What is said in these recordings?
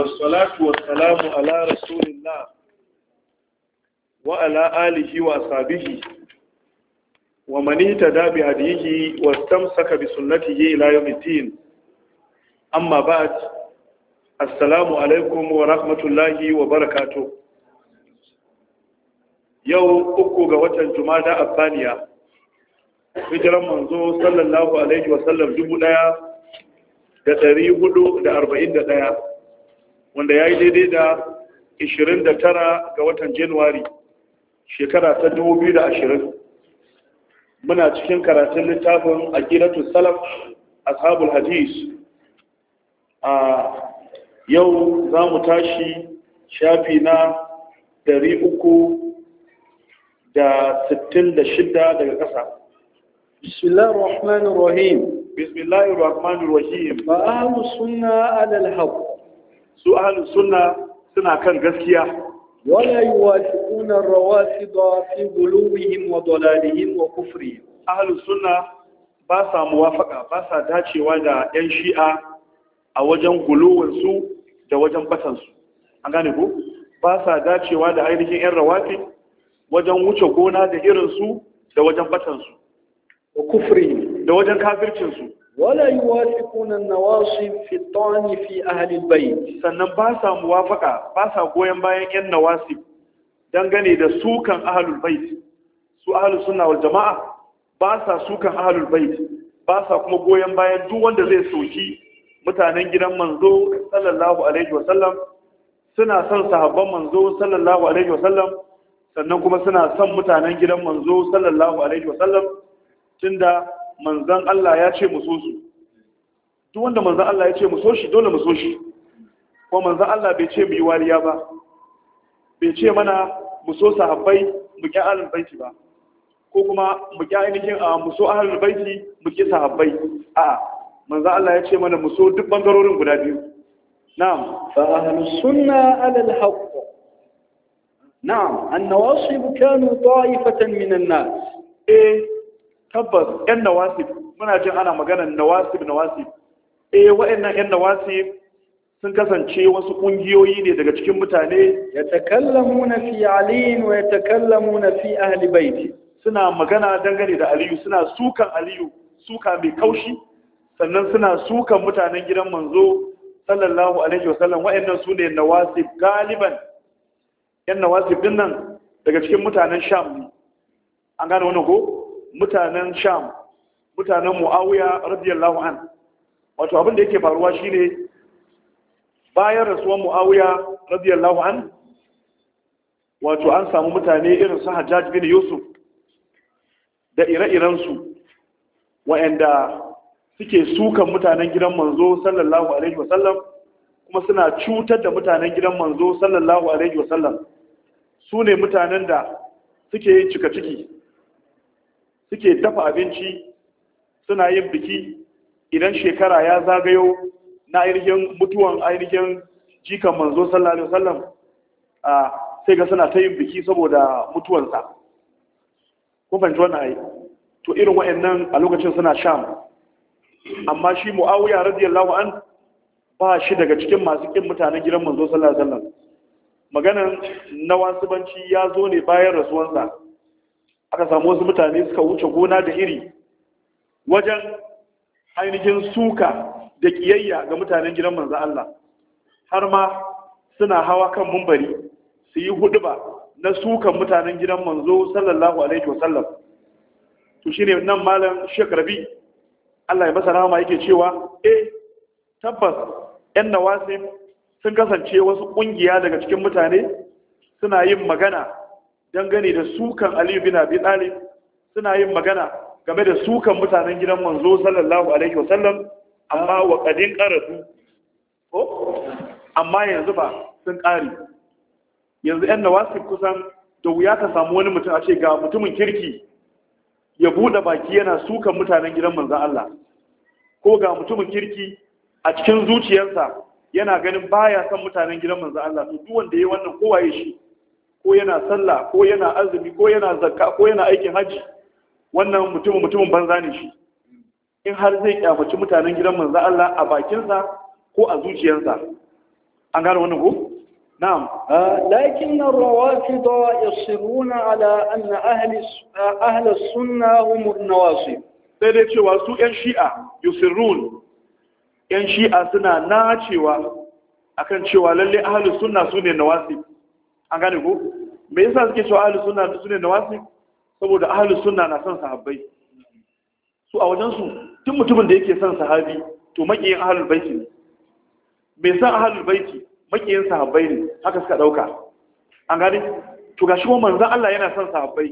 والصلاة والسلام على رسول الله وعلى آله وأصحابه ومن اهتدى بهديه واستمسك بسنته إلى يوم الدين أما بعد السلام عليكم ورحمة الله وبركاته yau uku ga watan jumada afaniya hijiran manzo sallallahu alaihi wasallam dubu daya da dari hudu da arba'in da daya wanda ya yi daidai da 29 ga watan januwari shekara ta 2020 muna cikin karatun littafin aqidatu salaf ashabul hadis a yau za mu tashi shafi na 366 daga ƙasa bismillahir rahmanir rahim bismillahir rahmanir rahim Ba a sunna ala al-haqq su ahalin suna suna kan gaskiya wala yuwafiquna ar-rawafida fi ghuluwihim wa dalalihim wa kufrihim ahalin suna ba sa muwafaka ba sa dacewa da yan shi'a a wajen guluwin su da wajen batan su an gane ko ba sa dacewa da ainihin yan rawafi wajen wuce gona da irin su da wajen batan su wa kufrihim da wajen kafircin su wala yuwafiquna an-nawasib fi at-ta'an fi ahli al-bayt sannan ba sa muwafaka ba sa goyen bayan yan nawasib dangane da sukan ahlul su ahlus jamaa ba sa sukan ahlul bayt ba sa kuma goyen bayan duk wanda zai soki mutanen gidan manzo sallallahu alaihi wa sallam suna son sahabban manzo sallallahu alaihi wa sallam sannan kuma suna son mutanen gidan manzo sallallahu alaihi wa sallam tunda manzan Allah ya ce mu so su duk wanda manzan Allah ya ce mu so shi dole mu so shi ko manzan Allah bai ce mu yi wariya ba bai ce mana mu so sahabbai mu ƙi ahlul baiti ba ko kuma mu ƙi ainihin a ah, muso so ahlul baiti mu ƙi sahabbai a manzan Allah ya ce mana mu so duk bangarorin guda biyu na'am fa ahlus sunna ala al-haqq na'am annawasi kanu ta'ifatan min an-nas eh tabbas yan nawasif muna jin ana maganan nawasib nawasib eh wa'annan yan nawasib sun kasance wasu kungiyoyi ne daga cikin mutane ya takallamuna fi aliyin wa ya fi ahli baiti suna magana dangane da aliyu suna sukan aliyu suka mai kaushi sannan suna sukan mutanen gidan manzo sallallahu alaihi wa sallam wa'annan su ne nawasib galiban yan nawasib dinnan daga cikin mutanen sham an gane wannan ko mutanen sham mutanen mu'awiya radiyallahu an wato abin da yake faruwa shine bayan rasuwan mu'awiya radiyallahu an wato an samu mutane irin su hajjaj bin yusuf da ire-irensu wa'anda suke sukan mutanen gidan manzo sallallahu alaihi wasallam kuma suna cutar da mutanen gidan manzo sallallahu alaihi wasallam su ne mutanen da suke cika ciki suke dafa abinci suna yin biki idan shekara ya zagayo na ainihin mutuwan ainihin jikan manzo sallallahu alaihi wasallam a sai ga suna ta yin biki saboda mutuwansa ko ban ji wannan ai to irin wa'annan a lokacin suna sham amma shi muawiya radiyallahu an ba shi daga cikin masu kin mutanen gidan manzo sallallahu alaihi wasallam maganan nawasibanci ya zo ne bayan rasuwansa aka samu wasu mutane suka wuce gona da iri wajen ainihin suka da ƙiyayya ga mutanen gidan manzo Allah har ma suna hawa kan mumbari su yi huduba na sukan mutanen gidan manzo sallallahu alaihi wasallam to shine nan malam Sheikh Rabi Allah ya masa rahama yake cewa eh tabbas yan nawasin sun kasance wasu kungiya daga cikin mutane suna yin magana dangane da sukan aliyu bin abi talib suna yin magana game da sukan mutanen gidan manzo sallallahu alaihi wasallam amma wa kadin karatu ko amma yanzu ba sun kare yanzu yan nawasi kusan da wuya ka samu wani mutum a ce ga mutumin kirki ya bude baki yana sukan mutanen gidan manzo Allah ko ga mutumin kirki a cikin zuciyarsa yana ganin baya san mutanen gidan manzo Allah to duk wanda yayi wannan kowa yayi shi ko yana sallah ko yana azumi ko yana zakka ko yana aikin haji wannan mutumin mutumin banza ne shi in har zai kyamaci mutanen gidan manzo Allah a bakinsa ko a zuciyarsa an gane wannan ko نعم ah, yasiruna ala anna ahli ah, ahli as أهل hum an-nawasi sai dai cewa su ‘yan shi'a yusirrun ‘yan shi'a suna nacewa cewa akan cewa lalle ahli sunna sune ne nawasib an gane ko me yasa suke cewa ahlus sunna da sunne nawasi saboda ahlus sunna na son sahabbai su a wajen su tun mutumin da yake son sahabi to makiyin ahlul baiti ne bai san ahlul baiti makiyin sahabbai ne haka suka dauka an gane to gashi kuma manzon Allah yana son sahabbai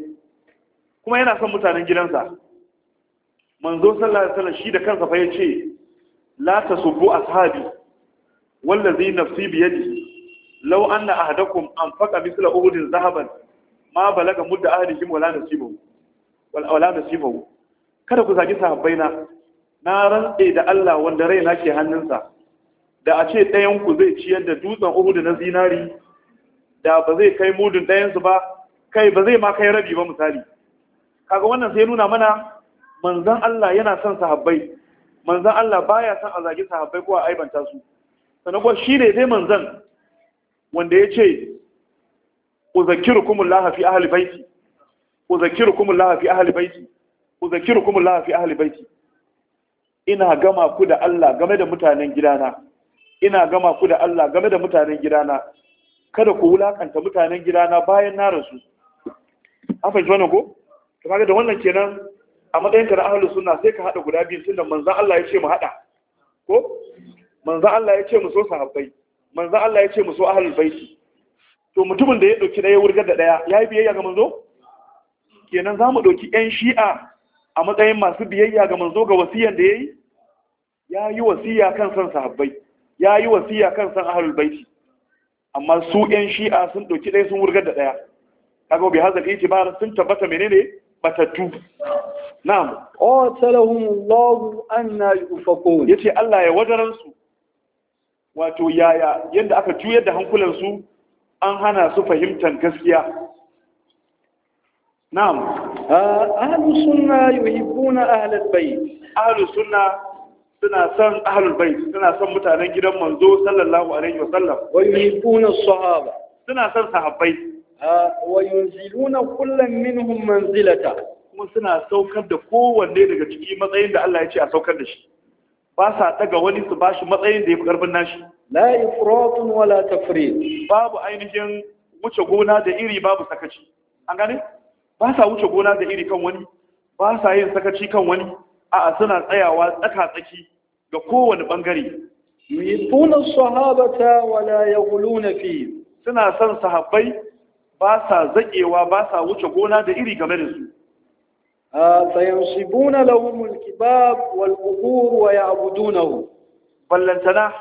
kuma yana son mutanen gidansa manzo sallallahu alaihi wasallam shi da kansa fa yace la tasubbu ashabi wallazi nafsi bi yadihi na anna ahadakum faka mithla uhudin zahaban ma balaga mudda ahlihim wala wala kada ku zagi sahabbaina na rantse da Allah wanda raina ke hannunsa da a ce ɗayan ku zai ciyar da dutsen Uhud na zinari da ba zai kai mudun ɗayan su ba kai ba zai ma kai rabi ba misali kaga wannan sai nuna mana manzon Allah yana son sahabbai manzon Allah baya son a zagi sahabbai ko a aibanta su sannan ko shi ne dai manzon wanda ya ce uzakirukumullah fi ahli baiti uzakirukumullah fi ahli baiti uzakirukumullah fi ahli baiti ina gama ku da Allah game da mutanen gidana ina gama ku da Allah game da mutanen gidana kada ku wulakanta mutanen gidana bayan na rasu an fahimci wannan ko to ga da wannan kenan a matsayin ka na ahlus suna sai ka haɗa guda biyu tunda manzan Allah ya ce mu haɗa, ko manzan Allah ya ce mu so sahabbai manzo Allah ya ce mu so ahlul baiti to mutumin da ya dauki daya wurgar da daya yayi biyayya ga manzo kenan za mu dauki ƴan shi'a a matsayin masu biyayya ga manzo ga wasiyan da yayi yayi wasiya kan san sahabbai yayi wasiya kan san ahlul baiti amma su ƴan shi'a sun dauki daya sun wurgar da daya kaga bi hazal itibar sun tabbata menene batattu na'am qatalahum Allah anna yufaqun yace Allah ya wadaransu wato yaya yadda aka juyar da hankulansu an hana su fahimtar gaskiya na'am ahlus sunna yuhibbuna ahlul bait ahlus sunna suna son ahlul bait suna son mutanen gidan manzo sallallahu alaihi wasallam wa yuhibbuna sahaba suna son sahabbai wa yunziluna kullam minhum manzilata kuma suna saukar da kowanne daga ciki matsayin da Allah ya ce a saukar da shi ba sa daga wani su bashi matsayin da ya fi karfin nashi la ifratun wala tafrit babu ainihin wuce gona da iri babu sakaci an gane ba sa wuce gona da iri kan wani ba sa yin sakaci kan wani a'a suna tsayawa tsaka tsaki ga kowane bangare yuhibbuna sahabata wala yaghluna fi suna son sahabbai ba sa zakewa ba sa wuce gona da iri game da su sayansibuna lahum alkibab wal qubur wa ya'budunahu ballantana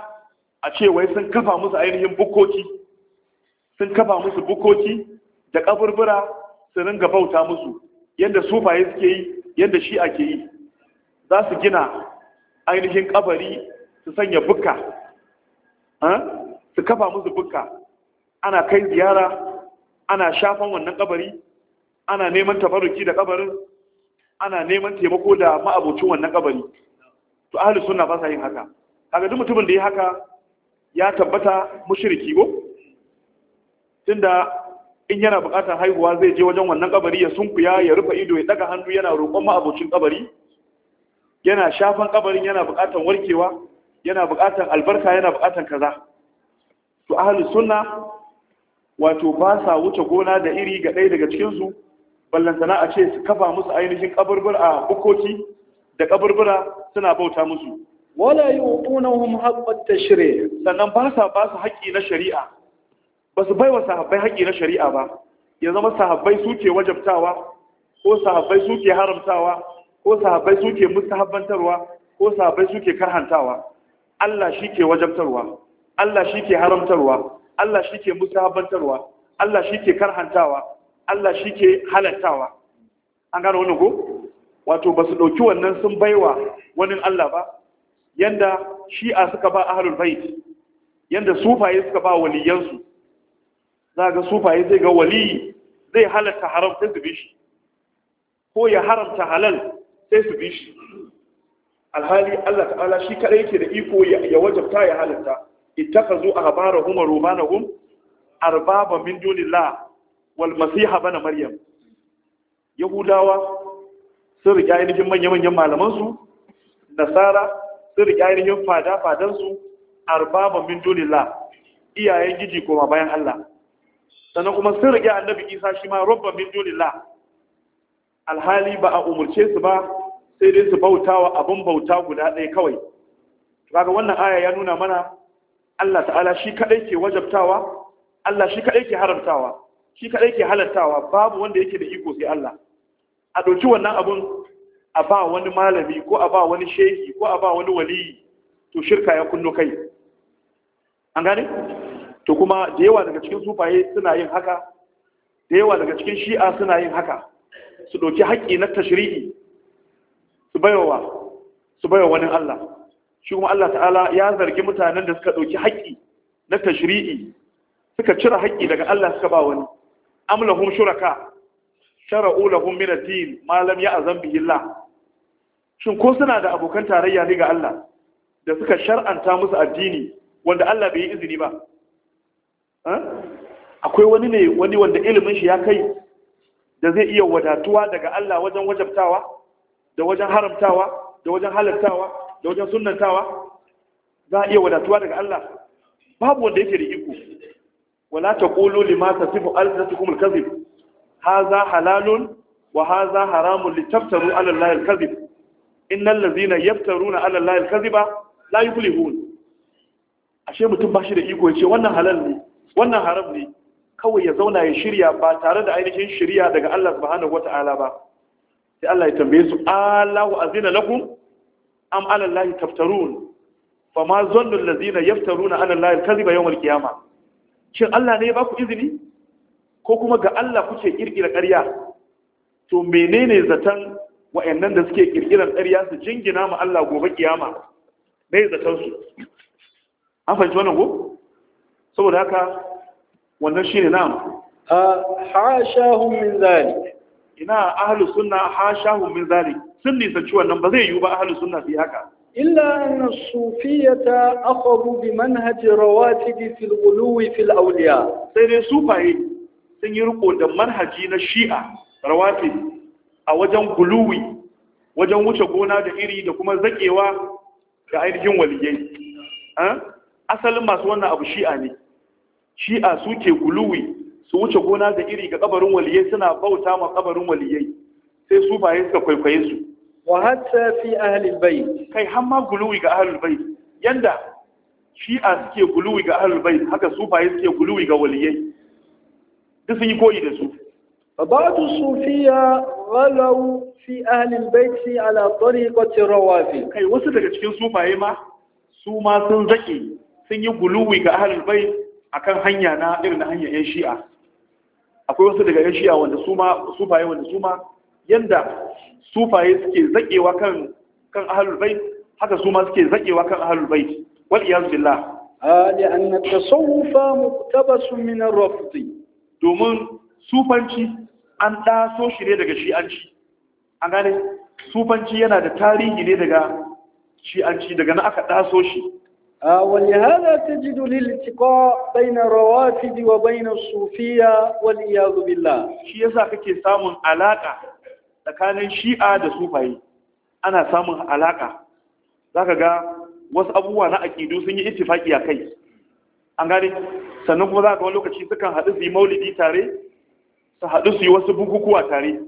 a ce wai sun kafa musu ainihin bukoki sun kafa musu bukoki da kaburbura su ringa bauta musu yadda sufaye suke yi yadda shi ake yi za su gina ainihin kabari su sanya bukka su kafa musu bukka ana kai ziyara ana shafan wannan kabari ana neman tabaruki da kabarin ana neman taimako da ma'abocin wannan kabari to ahli sunna ba sa yin haka kaga duk mutumin da ya haka ya tabbata mushriki go tunda in yana bukatar haihuwa zai je wajen wannan kabari ya sunkuya ya rufe ido ya daga hannu yana roƙon ma'abocin kabari yana shafan kabarin yana buƙatar warkewa yana buƙatar albarka yana buƙatar kaza to ahli sunna wato ba sa wuce gona da iri ga ɗaya daga cikin su ballantana a ce su kafa musu ainihin kaburbura a bukoki da kaburbura suna bauta musu wala yu'tunahum haqqat tashri' sannan ba sa ba su haƙƙi na shari'a ba su baiwa sahabbai haƙƙi na shari'a ba ya zama sahabbai suke wajabtawa ko sahabbai suke haramtawa ko sahabbai suke mustahabbantarwa ko sahabbai suke karhantawa Allah shike wajabtarwa Allah shike haramtarwa Allah shike mustahabbantarwa Allah shike karhantawa Allah shi ke halattawa an gano wani ko wato ba su ɗauki wannan sun baiwa wani Allah ba yanda shi'a suka ba ahalul bait yanda sufaye suka ba waliyansu za ga sufaye zai ga waliyi zai halatta haram sai su bi shi ko ya haramta halal sai su bi shi alhali Allah ta'ala shi kadai yake da iko ya wajabta ya halatta ittakazu ahbarahum wa rumanahum arbaba min dunillah wal masiha bana maryam yahudawa sun riƙe ainihin manya-manyan malamansu nasara sun riƙe ainihin fada-fadansu arbaban min dunillah iyayen giji koma bayan Allah sannan kuma sun riƙe annabi isa shi ma rabban min alhali ba a umarce su ba sai dai su bautawa abin bauta guda ɗaya kawai Raga wannan aya ya nuna mana Allah ta'ala shi kadai ke wajabtawa Allah shi kadai ke haramtawa shi kaɗai ke halartawa babu wanda yake da iko sai Allah a ɗauki wannan abun a ba wani malami ko a ba wani shehi ko a ba wani waliyi to shirka ya kunno kai an gane to kuma da yawa daga cikin sufaye suna yin haka da yawa daga cikin shi'a suna yin haka su ɗauki haƙƙi na tashiri'i su bayowa su bayowa wani Allah shi kuma Allah ta'ala ya zargi mutanen da suka ɗauki haƙƙi na tashiri'i, suka cire haƙƙi daga Allah suka ba wani am lahum shuraka shara'u lahum min ad-din ma lam ya'zam bihi Allah shin ko suna da abokan tarayya ne ga Allah da suka shar'anta musu addini wanda Allah bai yi izini ba akwai wani ne wani wanda ilimin shi ya kai da zai iya wadatuwa daga Allah wajen wajabtawa da wajen haramtawa da wajen halaltawa da wajen sunnantawa za a iya wadatuwa daga Allah babu wanda yake da iko wala taqulu lima tasifu alsinatukum alkazib hadha halalun wa hadha haramun litaftaru ala allahi alkazib innal ladhina yaftaruna ala allahi alkaziba la yuflihun ashe mutum bashi da iko yace wannan halal ne wannan haram ne kawai ya zauna ya shirya ba tare da ainihin shirya daga Allah subhanahu wata'ala ba sai Allah ya tambaye su Allahu azina lakum am ala allahi taftarun fama zannu allazina yaftaruna ala allahi alkaziba yawm alqiyamah shin Allah ne ya ba ku izini ko kuma ga Allah kuke kirkira ƙarya to menene zaton wa'annan da suke kirkiran ƙarya su jingina ma Allah gobe kiyama ne zaton su an fahimci wannan ko saboda haka wannan shine na'am hashahum min zalik ina ahlus sunna hashahum min zalik sun nisanci wannan ba zai yiwu ba ahlus sunna su yi haka إلا أن الصوفية أخذوا بمنهج رواتب في الغلو في الأولياء سيدي صوفي سنيرقوا دم منهجين الشيعة رواتب أوجن غلوي wajen wuce gona da iri da kuma zakewa ga ainihin waliyai asalin masu wannan abu shi'a ne shi'a suke guluwi su wuce gona da iri ga ƙabarin waliyai suna bauta ma ƙabarin waliyai sai sufaye suka kwaikwaye su wa hatta fi ahlil bayt kai har ma guluwi ga ahlul bayt yanda shi'a suke guluwi ga ahlul bayt haka sufaye suke guluwi ga waliyai duk sun yi koyi da su فبعض الصوفية غلوا في أهل البيت على طريقة الروافي كي وصل لك تكين سوما إيما سوما سنزكي sun sun yi guluwi ga ahalul bai akan hanya na irin hanya yan shi'a akwai wasu daga yan shi'a wanda su ma su wanda su ma yanda sufaye suke zakewa kan kan ahlul haka su ma suke zakewa kan ahlul bait wal iyaz billah ali an at-tasawuf muqtabas min ar-rafd domin sufanci an daso shi ne daga shi'anci an gane sufanci yana da tarihi ne daga shi'anci daga na aka daso shi ولهذا تجد الالتقاء بين الروافد وبين الصوفية والعياذ بالله شيء يسا kake samun alaka tsakanin shi'a da sufaye ana samun alaka za ka ga wasu abubuwa na aƙidu sun yi ittifaki a kai an gane sannan kuma za ka lokaci sukan haɗu su yi maulidi tare su haɗu su yi wasu bukukuwa tare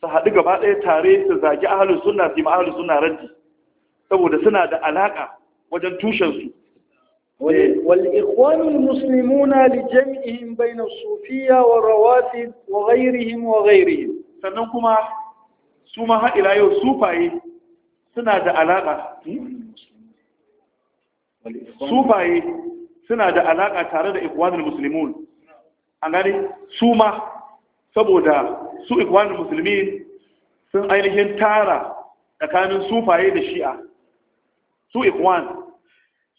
su haɗu gaba ɗaya tare su zagi ahalus sunna su yi ma ahalus sunna raddi saboda suna da alaka wajen tushensu bayna sufiyya wa rawafid wa ghayrihim wa ghayrihim sannan kuma su ma har yau sufaye suna da alaka sufaye suna da alaka tare da ikwanin musulmin. an gani su ma saboda su ikwanin musulmin sun ainihin tara tsakanin sufaye da shi'a su ikwan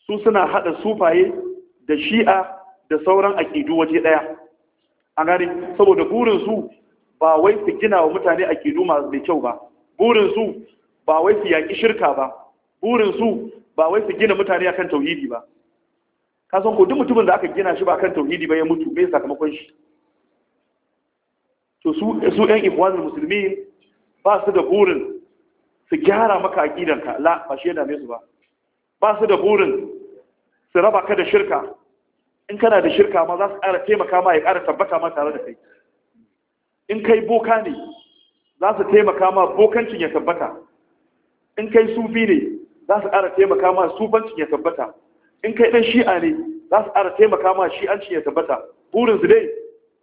su suna haɗa sufaye da shi'a da sauran aƙidu waje ɗaya an gani saboda burinsu ba wai su gina wa mutane a kidu masu da kyau ba burinsu ba wai su yaƙi shirka ba burinsu ba wai su gina mutane akan tauhidi ba ka san ko duk mutumin da aka gina shi ba kan tauhidi ba ya mutu me sakamakon shi to su su ɗan ikhwanul musulmi ba su da burin su gyara maka aqidanka la ba shi yana dame su ba ba su da burin su raba ka da shirka in kana da shirka ma za su ƙara taimaka ma ya ƙara tabbata ma tare da kai in kai boka ne za su taimaka ma bokancin ya tabbata in kai sufi ne za su ƙara taimaka ma sufancin ya tabbata in kai ɗan shi'a ne za su ƙara taimaka ma shi'ancin ya tabbata Burin su dai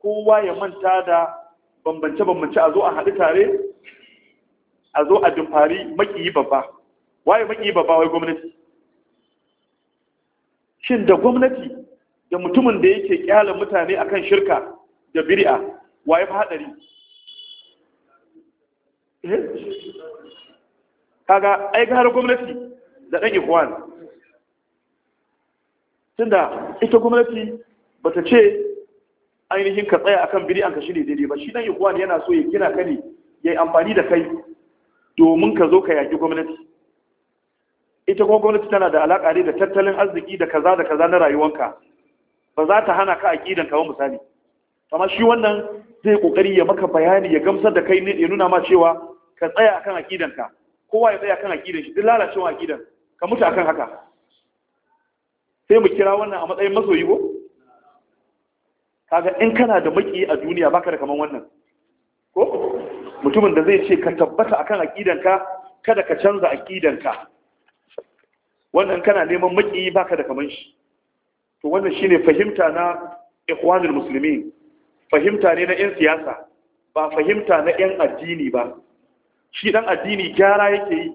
kowa ya manta da bambance-bambance a zo a haɗu tare a zo a dumfari makiyi babba waye makiyi babba wai gwamnati shin da gwamnati da mutumin da yake kyala mutane akan shirka da biri'a waye fi haɗari eh. kaga ai har gwamnati da ɗan ikwan tunda ita gwamnati bata ce ainihin ka tsaya akan biri an ka ne daidai ba shi ɗan ikwan yana so ya gina ka ne yayi amfani da kai domin ka zo ka yaki gwamnati ita kuma gwamnati tana da alaka ne da tattalin arziki da kaza da kaza na rayuwanka ba za ta hana ka aƙidan ka ba misali amma shi wannan zai kokari ya maka bayani ya gamsar da kai ne ya nuna ma cewa ka tsaya akan akidanka, kowa ya tsaya akan akidan shi duk lalacewa akidan, ka mutu akan haka sai mu kira wannan a matsayin masoyi ko kaga in kana da maki a duniya baka da kaman wannan ko mutumin da zai ce ka tabbata akan ka kada ka canza akidanka. wannan kana neman maki baka da kaman shi to wannan shine fahimta na ikhwanul muslimin fahimta ne na 'yan siyasa ba fahimta na 'yan addini ba shi dan addini gyara yake yi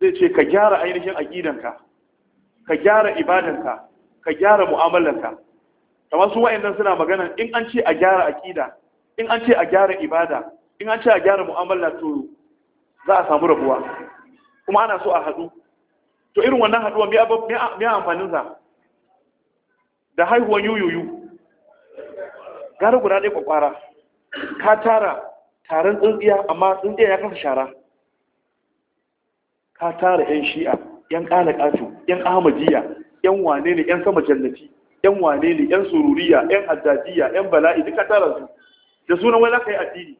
zai ce ka gyara ainihin aƙidanka ka gyara ibadanka ka gyara mu'amalanka kamar su wa'annan suna magana in an ce a gyara aƙida in an ce a gyara ibada in an ce a gyara mu'amala to za a samu rabuwa kuma ana so a haɗu to irin wannan haɗuwa me amfanin sa da haihuwan yuyuyu gara guda ɗaya ƙwaƙwara. ka tara taron tsintsiya amma tsintsiya ya kasa shara ka tara 'yan shi'a 'yan ƙana ƙato 'yan ahmadiyya 'yan wane ne 'yan sama jannati 'yan wane ne 'yan sururiya 'yan addadiya 'yan bala'i ka tara su da sunan wai za ka yi addini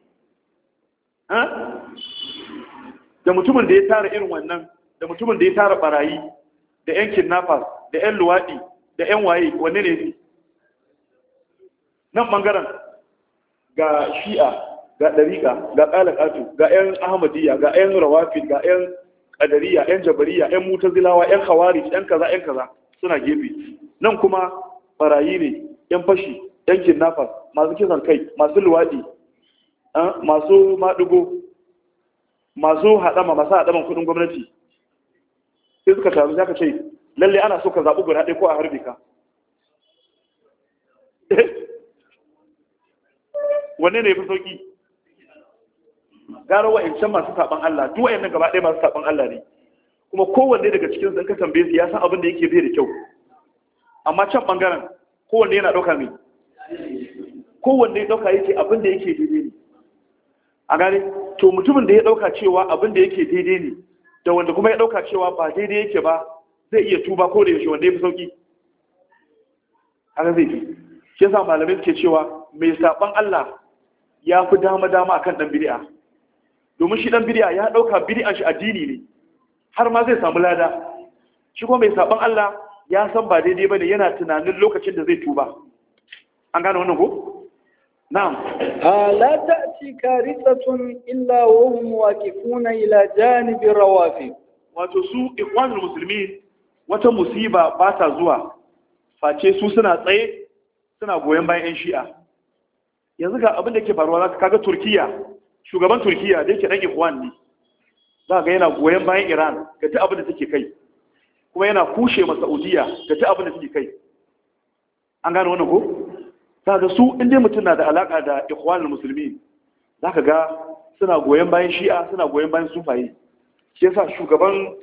da mutumin da ya tara irin wannan da mutumin da ya tara barayi da 'yan kidnappers da 'yan luwaɗi da 'yan waye wanne ne nan bangaren ga shi'a ga ɗariƙa ga ƙalaƙatu ga 'yan ahmadiyya ga 'yan rawafi ga 'yan ƙadariya 'yan jabariya 'yan mutazilawa 'yan hawari 'yan kaza 'yan kaza suna gefe nan kuma barayi ne 'yan fashi 'yan kidnappers masu kisan kai masu luwaɗi ah, masu maɗugo masu haɗama masu haɗaman kuɗin gwamnati sai suka taru ka ce lalle ana so ka zaɓi guda ɗaya ko a harbe ka eh, wanne ne fi sauki gara wa'ancan masu sabon Allah duk wa'annan gaba ɗaya masu sabon Allah ne kuma kowanne daga cikin sun ka tambaye su ya san abin da yake bai da kyau amma can bangaren kowanne yana ɗauka mai kowanne ɗauka yake abin da yake daidai ne a gane to mutumin da ya ɗauka cewa abin da yake daidai ne da wanda kuma ya ɗauka cewa ba daidai yake ba zai iya tuba ko da yaushe wanda ya fi sauki haka zai fi shi yasa malamai suke cewa mai sabon Allah ya fi dama-dama akan ɗan bid'a domin shi ɗan bid'a ya ɗauka bid'an shi addini ne har ma zai samu lada shi kuma mai saban Allah ya san ba daidai bane yana tunanin lokacin da zai tuba an gane wannan ko na'am la ta'ti karisatun illa wa hum waqifuna ila janibi rawafi wato su ikwanul muslimi wata musiba ba ta zuwa face su suna tsaye suna goyon bayan yan shi'a yanzu ga abin da ke faruwa za kaga turkiya shugaban turkiya da yake dan ikhwan ne za ga yana goyon bayan iran ga ta abin da take kai kuma yana kushe ma saudiya ga ta abin da take kai an gane wannan ko za ga su inda mutum na da alaka da ikhwanul musulmi za ka ga suna goyon bayan shi'a suna goyon bayan sufaye shi yasa shugaban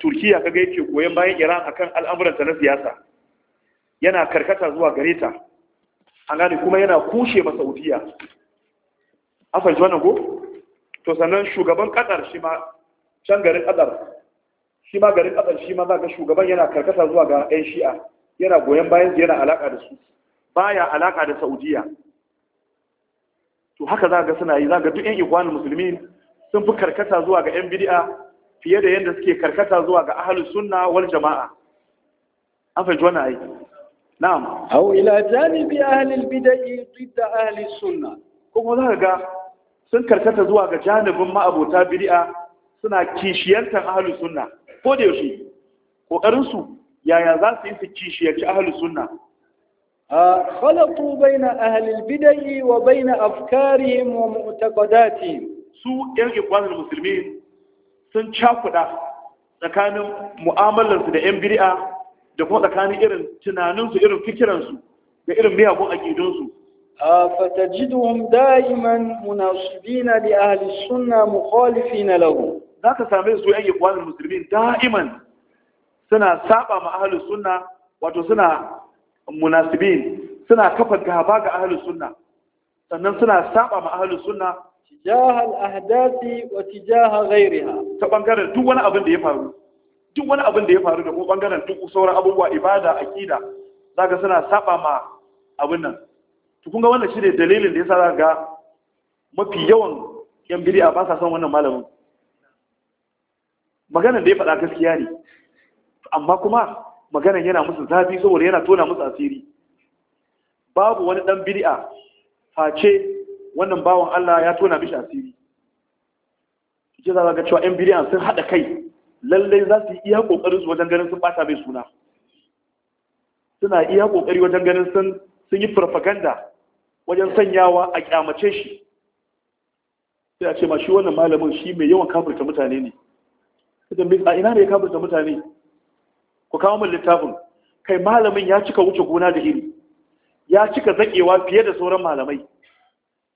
turkiya kaga yake goyon bayan iran akan al'amuranta na siyasa yana karkata zuwa gare ta an kuma yana kushe ma saudiya an fahimci wannan ko to sannan shugaban kadar shi ma can garin kadar shi ma garin kadar shi ma za ga shugaban yana karkata zuwa ga 'yan shi'a yana goyon bayan yana alaƙa da su baya alaƙa da saudiya to haka za ga suna yi za ga duk 'yan ikwanin musulmi sun fi karkata zuwa ga 'yan bidi'a fiye da yadda suke karkata zuwa ga ahalus sunna wal jama'a an fahimci wannan aiki na'am aw ila janibi ahli duk da ahli sunna kuma za ga sun karkata zuwa ga janibin ma'abota bid'a suna kishiyantar ahli sunna ko da yaushe kokarin su yaya za su yi su kishiyarci ahli sunna خلطوا بين أهل البدع وبين أفكارهم ومعتقداتهم su ‘yan ikwanin musulmi sun cakuɗa tsakanin mu'amalarsu da ‘yan biri'a da kuma tsakanin irin tunaninsu irin fikiransu da irin miyagun aƙidunsu فتجدهم دائما مناصبين لأهل السنة مخالفين له ذاك سامي سوء أي إخوان المسلمين دائما سنة سابع مع أهل السنة وتسنة مناسبين سنة كفت كهباك أهل السنة sannan suna saba ma ahlus sunna tijahal ahdasi wa tijaha ghayriha ta bangaren duk wani abin da ya faru duk wani abin da ya faru da ko bangaren duk sauran abubuwa ibada akida zaka suna saba ma abin nan to kun ga wannan ne dalilin da yasa zaka ga mafi yawan yan bid'a ba sa son wannan malamin maganar da ya faɗa gaskiya ne amma kuma maganar yana musu zafi saboda yana tona musu asiri babu wani dan bid'a face wannan bawan Allah ya tona mishi asiri kike za ga cewa yan bid'a sun hada kai lallai za su iya kokarin su wajen ganin sun bata mai suna suna iya kokari wajen ganin sun sun yi propaganda wajen sanyawa a kyamace shi sai a ce ma shi wannan malamin shi mai yawan kafirta mutane ne a ina ne ya kafirta mutane ku kawo min littafin kai malamin ya cika wuce gona da iri ya cika zakewa fiye da sauran malamai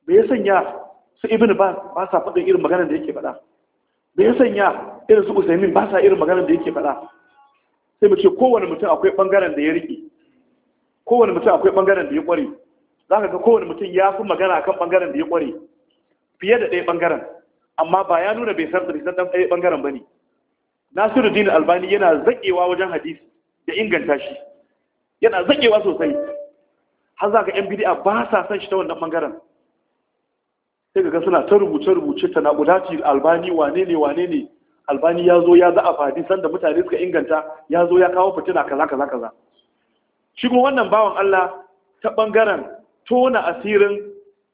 me ya sanya su ibn ba ba sa faɗin irin maganar da yake faɗa me ya sanya irin su usaimin ba sa irin maganar da yake faɗa sai mu ce kowane mutum akwai ɓangaren da ya riƙe kowane mutum akwai ɓangaren da ya ƙware za ka ga kowane mutum ya fi magana kan ɓangaren da ya ƙware fiye da ɗaya bangaren amma ba ya nuna bai san san ɗan ɗaya ɓangaren ba ne nasiru dini albani yana zakewa wajen hadisi da inganta shi yana zakewa sosai har za ka yan bidiya ba sa son shi ta wannan bangaren sai ga suna ta rubuce-rubuce ta na albani wane ne wane ne albani ya zo ya za a fadi da mutane suka inganta ya zo ya kawo fitina kaza kaza kaza shi wannan bawan Allah ta bangaren tona asirin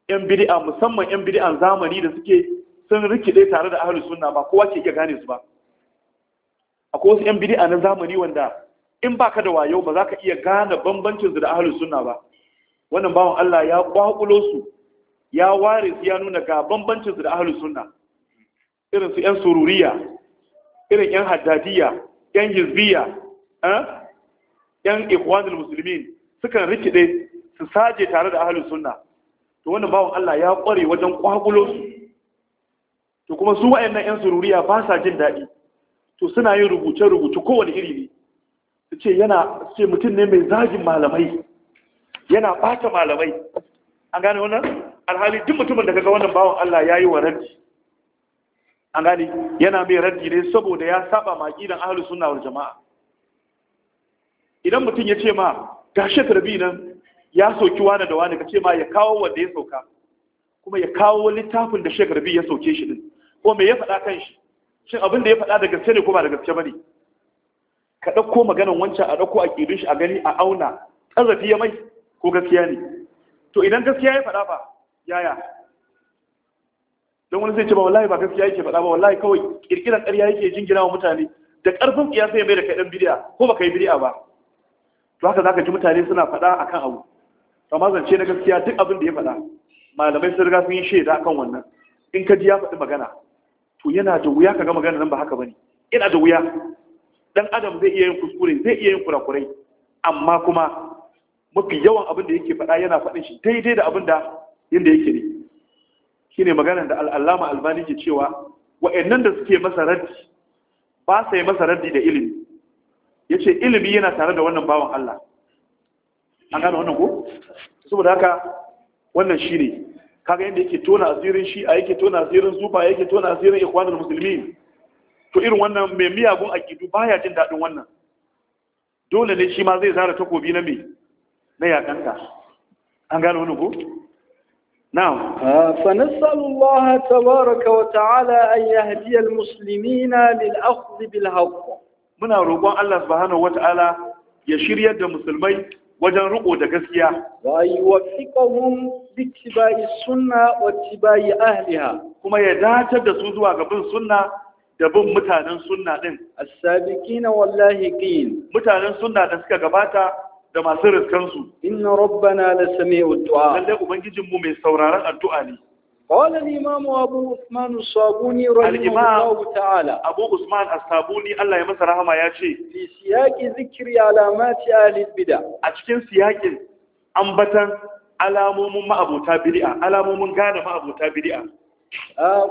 yan bid'a musamman yan bid'an zamani da suke sun rikide tare da ahlus sunna ba kowa ke iya gane su ba akwai wasu yan bid'a na zamani wanda in baka da wayo ba za ka iya gane bambancin su da ahlus sunna ba wannan bawan Allah ya kwakulo su ya ware su ya nuna ga bambancin su da ahlus sunna irin su yan sururiya irin yan haddadiya yan hizbiya eh, yan ikwanul musulmi sukan rikide su saje tare da ahlus sunna to wannan bawon Allah ya kware wajen kwakulo to kuma su wayannan yan sururiya ba sa jin daɗi to suna yin rubuce-rubuce kowane iri ne su ce yana ce mutum ne mai zagin malamai yana ɓata malamai an gane wannan alhali duk mutumin da kaga wannan bawan Allah ya yi waranti an gani yana mai raddi ne saboda ya saba ma aqidan ahlus sunna wal jamaa idan mutum ya ce ma gashi tarbi nan ya soki wani da wani ka ce ma ya kawo wanda ya sauka kuma ya kawo littafin da shekar biyu ya sauke shi din ko me ya faɗa kan shi shin abin da ya faɗa da gaske ne ko ba da gaske ba ne ka ɗauko maganan wancan a ɗauko a shi a gani a auna ƙarfafi ya mai ko gaskiya ne to idan gaskiya ya faɗa ba yaya don wani zai ce ba wallahi ba gaskiya yake faɗa ba wallahi kawai kirkiran ƙarya yake jingina wa mutane da ƙarfin tsiya sai mai da kai ɗan bidiya ko ba kai bidiya ba to haka zaka ji mutane suna faɗa akan abu amma zance na gaskiya duk abin da ya faɗa malamai sun riga sun yi shaida akan wannan in ka ji ya faɗi magana to yana da wuya ka ga magana nan ba haka bane yana da wuya dan adam zai iya yin kuskure zai iya yin kurakurai amma kuma mafi yawan abin da yake faɗa yana faɗin shi daidai da abin da yanda yake ne shine maganar da al'allama albani ke cewa wa'annan da suke masa raddi ba sa yi masa raddi da ilimi ya ce ilimi yana tare da wannan bawan Allah an gane wannan ko saboda haka wannan shi ne kaga yadda yake tona asirin shi a yake tona asirin zuba yake tona asirin ikwanul musulmi to irin wannan mai miyagun akidu ya jin daɗin wannan dole ne shi ma zai zara takobi na mai na yakanta an gane wannan ko نعم فنسأل الله تبارك وتعالى Musulmina يهدي المسلمين للأخذ بالحق muna roƙon Allah subhanahu ya shiryar da musulmai wajen riƙo da gaskiya wa yuwaffiqahum bi ittiba'i sunna wa ittiba'i ahliha kuma ya datar da su zuwa ga bin sunna da bin mutanen sunna din as-sabiqina wallahi qin mutanen sunna da suka gabata da masu riskansu inna rabbana la sami'u du'a lalle ubangijin mu mai sauraron addu'a ne qala al-imam abu usman as-sabuni rahimahullahu ta'ala abu usman as-sabuni Allah ya masa rahama ya ce fi siyaqi zikri alamati ahli bid'a a cikin siyaqin ambatan alamomin ma'abota bid'a alamomin gane ma'abota bid'a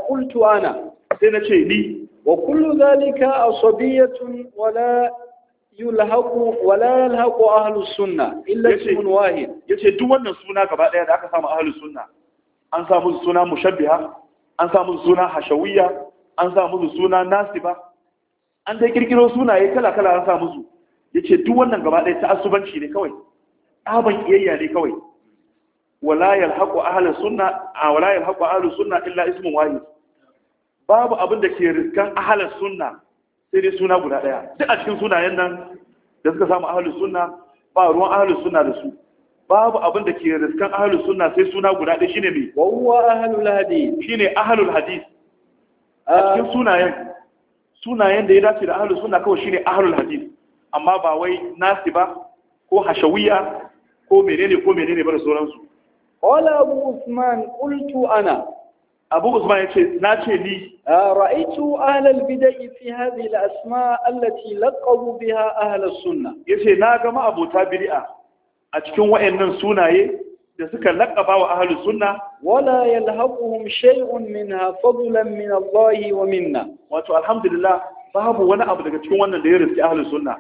qultu ana sai na ce ni wa kullu dhalika asabiyatun wala yulhaqu wa la yalhaqu ahlus sunna illa ismun wahid yace duk wannan suna gaba daya da aka samu ahlus sunna an samu suna mushabbiha an samu suna hashawiyya an samu suna nasiba an dai kirkiro sunaye kala kala an samu su yace duk wannan gaba daya ta'assubanci ne kawai tsaban iyayya ne kawai wala yalhaqu ahlus sunna wala yalhaqu ahlus sunna illa ismun wahid babu abin da ke riskan ahlus sunna sai dai suna guda ɗaya duk a cikin sunayen nan da suka samu ahlus sunna ba ruwan ahlus sunna da su babu abin da ke riskan ahlus sunna sai suna guda ɗaya shine mai huwa ahlul hadith shine ahlul hadis a ah. cikin sunayen sunayen da ya dace da ahlus sunna kawai shine ahlul hadis amma ba wai nasi ba ko hashawiya ko menene ko menene ba da sauransu qala abu usman qultu ana abu usman ya ce na ce ni A ra'aitu ahlal bid'i fi hadhihi al-asma allati laqabu biha ahlus sunna yace na ga abota bid'a a cikin wayannan sunaye da suka laqaba wa ahlus sunna wala yalhaquhum shay'un minha fadlan min Allah wa minna wato alhamdulillah babu wani abu daga cikin wannan da ya riski ahlus sunna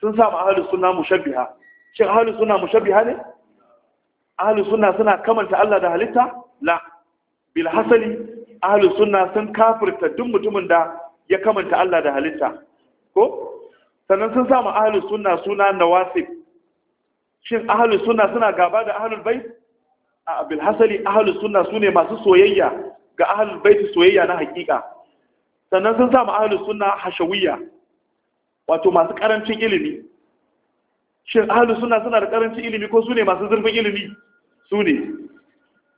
sun sa ma ahlus sunna mushabbiha shin ahlus sunna mushabbiha ne ahlus sunna suna kamanta Allah da halitta la bil hasali ahlus sunna sun kafirta duk mutumin da ya kamanta Allah da halitta ko sannan sun sa ma ahlus sunna suna nawasib shin ahlus sunna suna gaba da ahlul bait a bil hasali ahlus sunna sune masu soyayya ga ahlul bait soyayya na hakika sannan sun sa ma ahlus sunna hashawiyya wato masu karancin ilimi shin ahlus sunna suna da karancin ilimi ko sune masu zurfin ilimi sune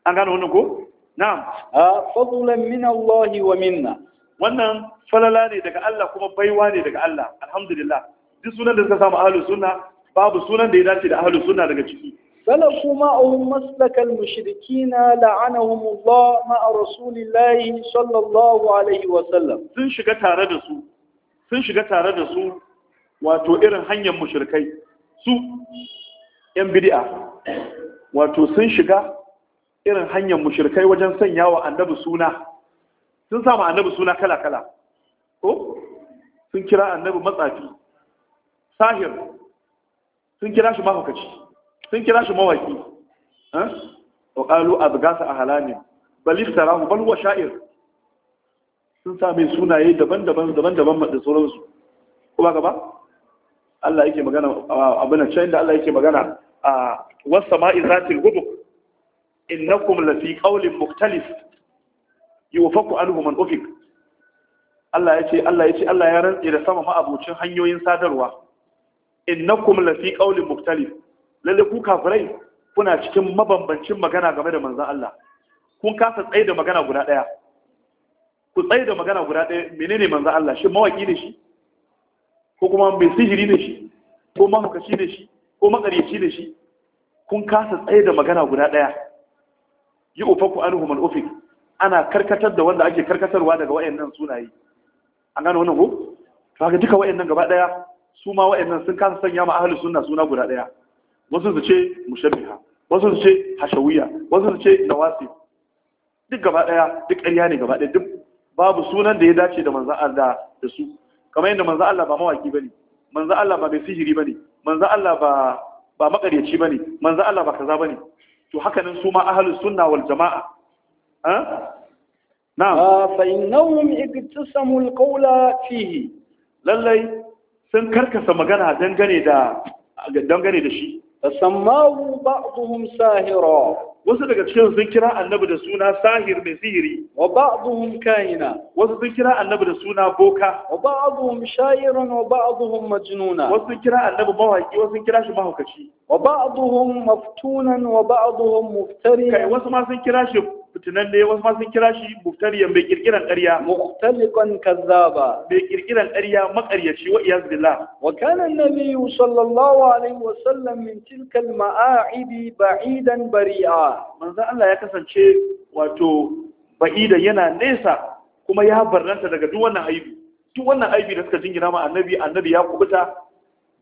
an gane wannan ko na'am ah, fadlan min Allah wa minna wannan falala ne daga Allah kuma baiwa ne daga Allah alhamdulillah duk sunan da suka samu ahlus suna babu sunan da ya dace da ahlus sunna daga ciki سلكوا معهم مسلك المشركين لعنهم الله مع رسول الله صلى الله عليه وسلم sun shiga tare da su sun shiga tare da su wato irin hanyar mushrikai su yan bidi'a wato sun shiga irin hanyar mushrikai wajen sanya wa annabi suna sun sama annabi suna kala-kala ko sun kira annabi matsafi sahir sun kira shi mahaukaci sun kira shi mawaki wa ƙalu a zagasa a halamin baliftarahu bal balwa sha'ir sun same sunaye daban-daban daban-daban da sauransu kuma gaba Allah yake magana abin can da Allah yake magana a wasu sama'i zatil hubuk innakum lafi qawlin mukhtalif yufaku anhu man ufik Allah ya Allah ya ce Allah ya rantsi da sama ma'abucin hanyoyin sadarwa innakum lafi qawlin mukhtalif lalle ku kafirai kuna cikin mabambancin magana game da manzon Allah kun kasa tsaye da magana guda daya ku tsaye da magana guda daya menene manzon Allah shi mawaki ne shi ko kuma mai sihiri ne shi ko mahaukaci ne shi ko makaryaci ne shi kun kasa tsaye da magana guda daya yi ufaku an man ufik ana karkatar da wanda ake karkatarwa daga wayannan sunaye an gano wannan ko to ga duka wayannan gaba daya su ma wayannan sun kasa sanya ma ahli sunna suna guda daya wasu su ce mushabbiha wasu su ce hashawiya wasu su ce nawasi duk gaba daya duk ƙarya ne gaba daya duk babu sunan da ya dace da manzon Allah da su kamar yadda manzon Allah ba mawaki bane manzon Allah ba mai sihiri bane manzon Allah ba ba makariyaci bane manzon Allah ba kaza bane to hakanan su ma ahlus sunna wal jama'a na'am ah, fa innahum iktasamu al fihi lallai sun karkasa magana dangane da shi da shi fasammahu ba'dhum wasu daga cikin sun kira annabi da suna sahir mai sihiri wa ba'dhum kaina wasu sun kira annabi da suna boka wa ba'dhum shayirun wa ba'dhum majnuna wasu sun kira annabi mawaki wasu sun kira shi mahaukaci wa ba'dhum maftunan wa ba'dhum muftari kai wasu ma sun kira shi ne wasu ma kira shi muftariyan mai kirkiran ƙarya muftaliqan kazzaba mai kirkiran ƙarya makaryaci wa iyaz billah wa kana an sallallahu alaihi wa sallam min tilka al-ma'a'ib ba'idan bari'a manzo Allah ya kasance wato ba'ida yana nesa kuma ya barranta daga duk wannan aibi duk wannan aibi da suka jingina ma annabi annabi ya kubuta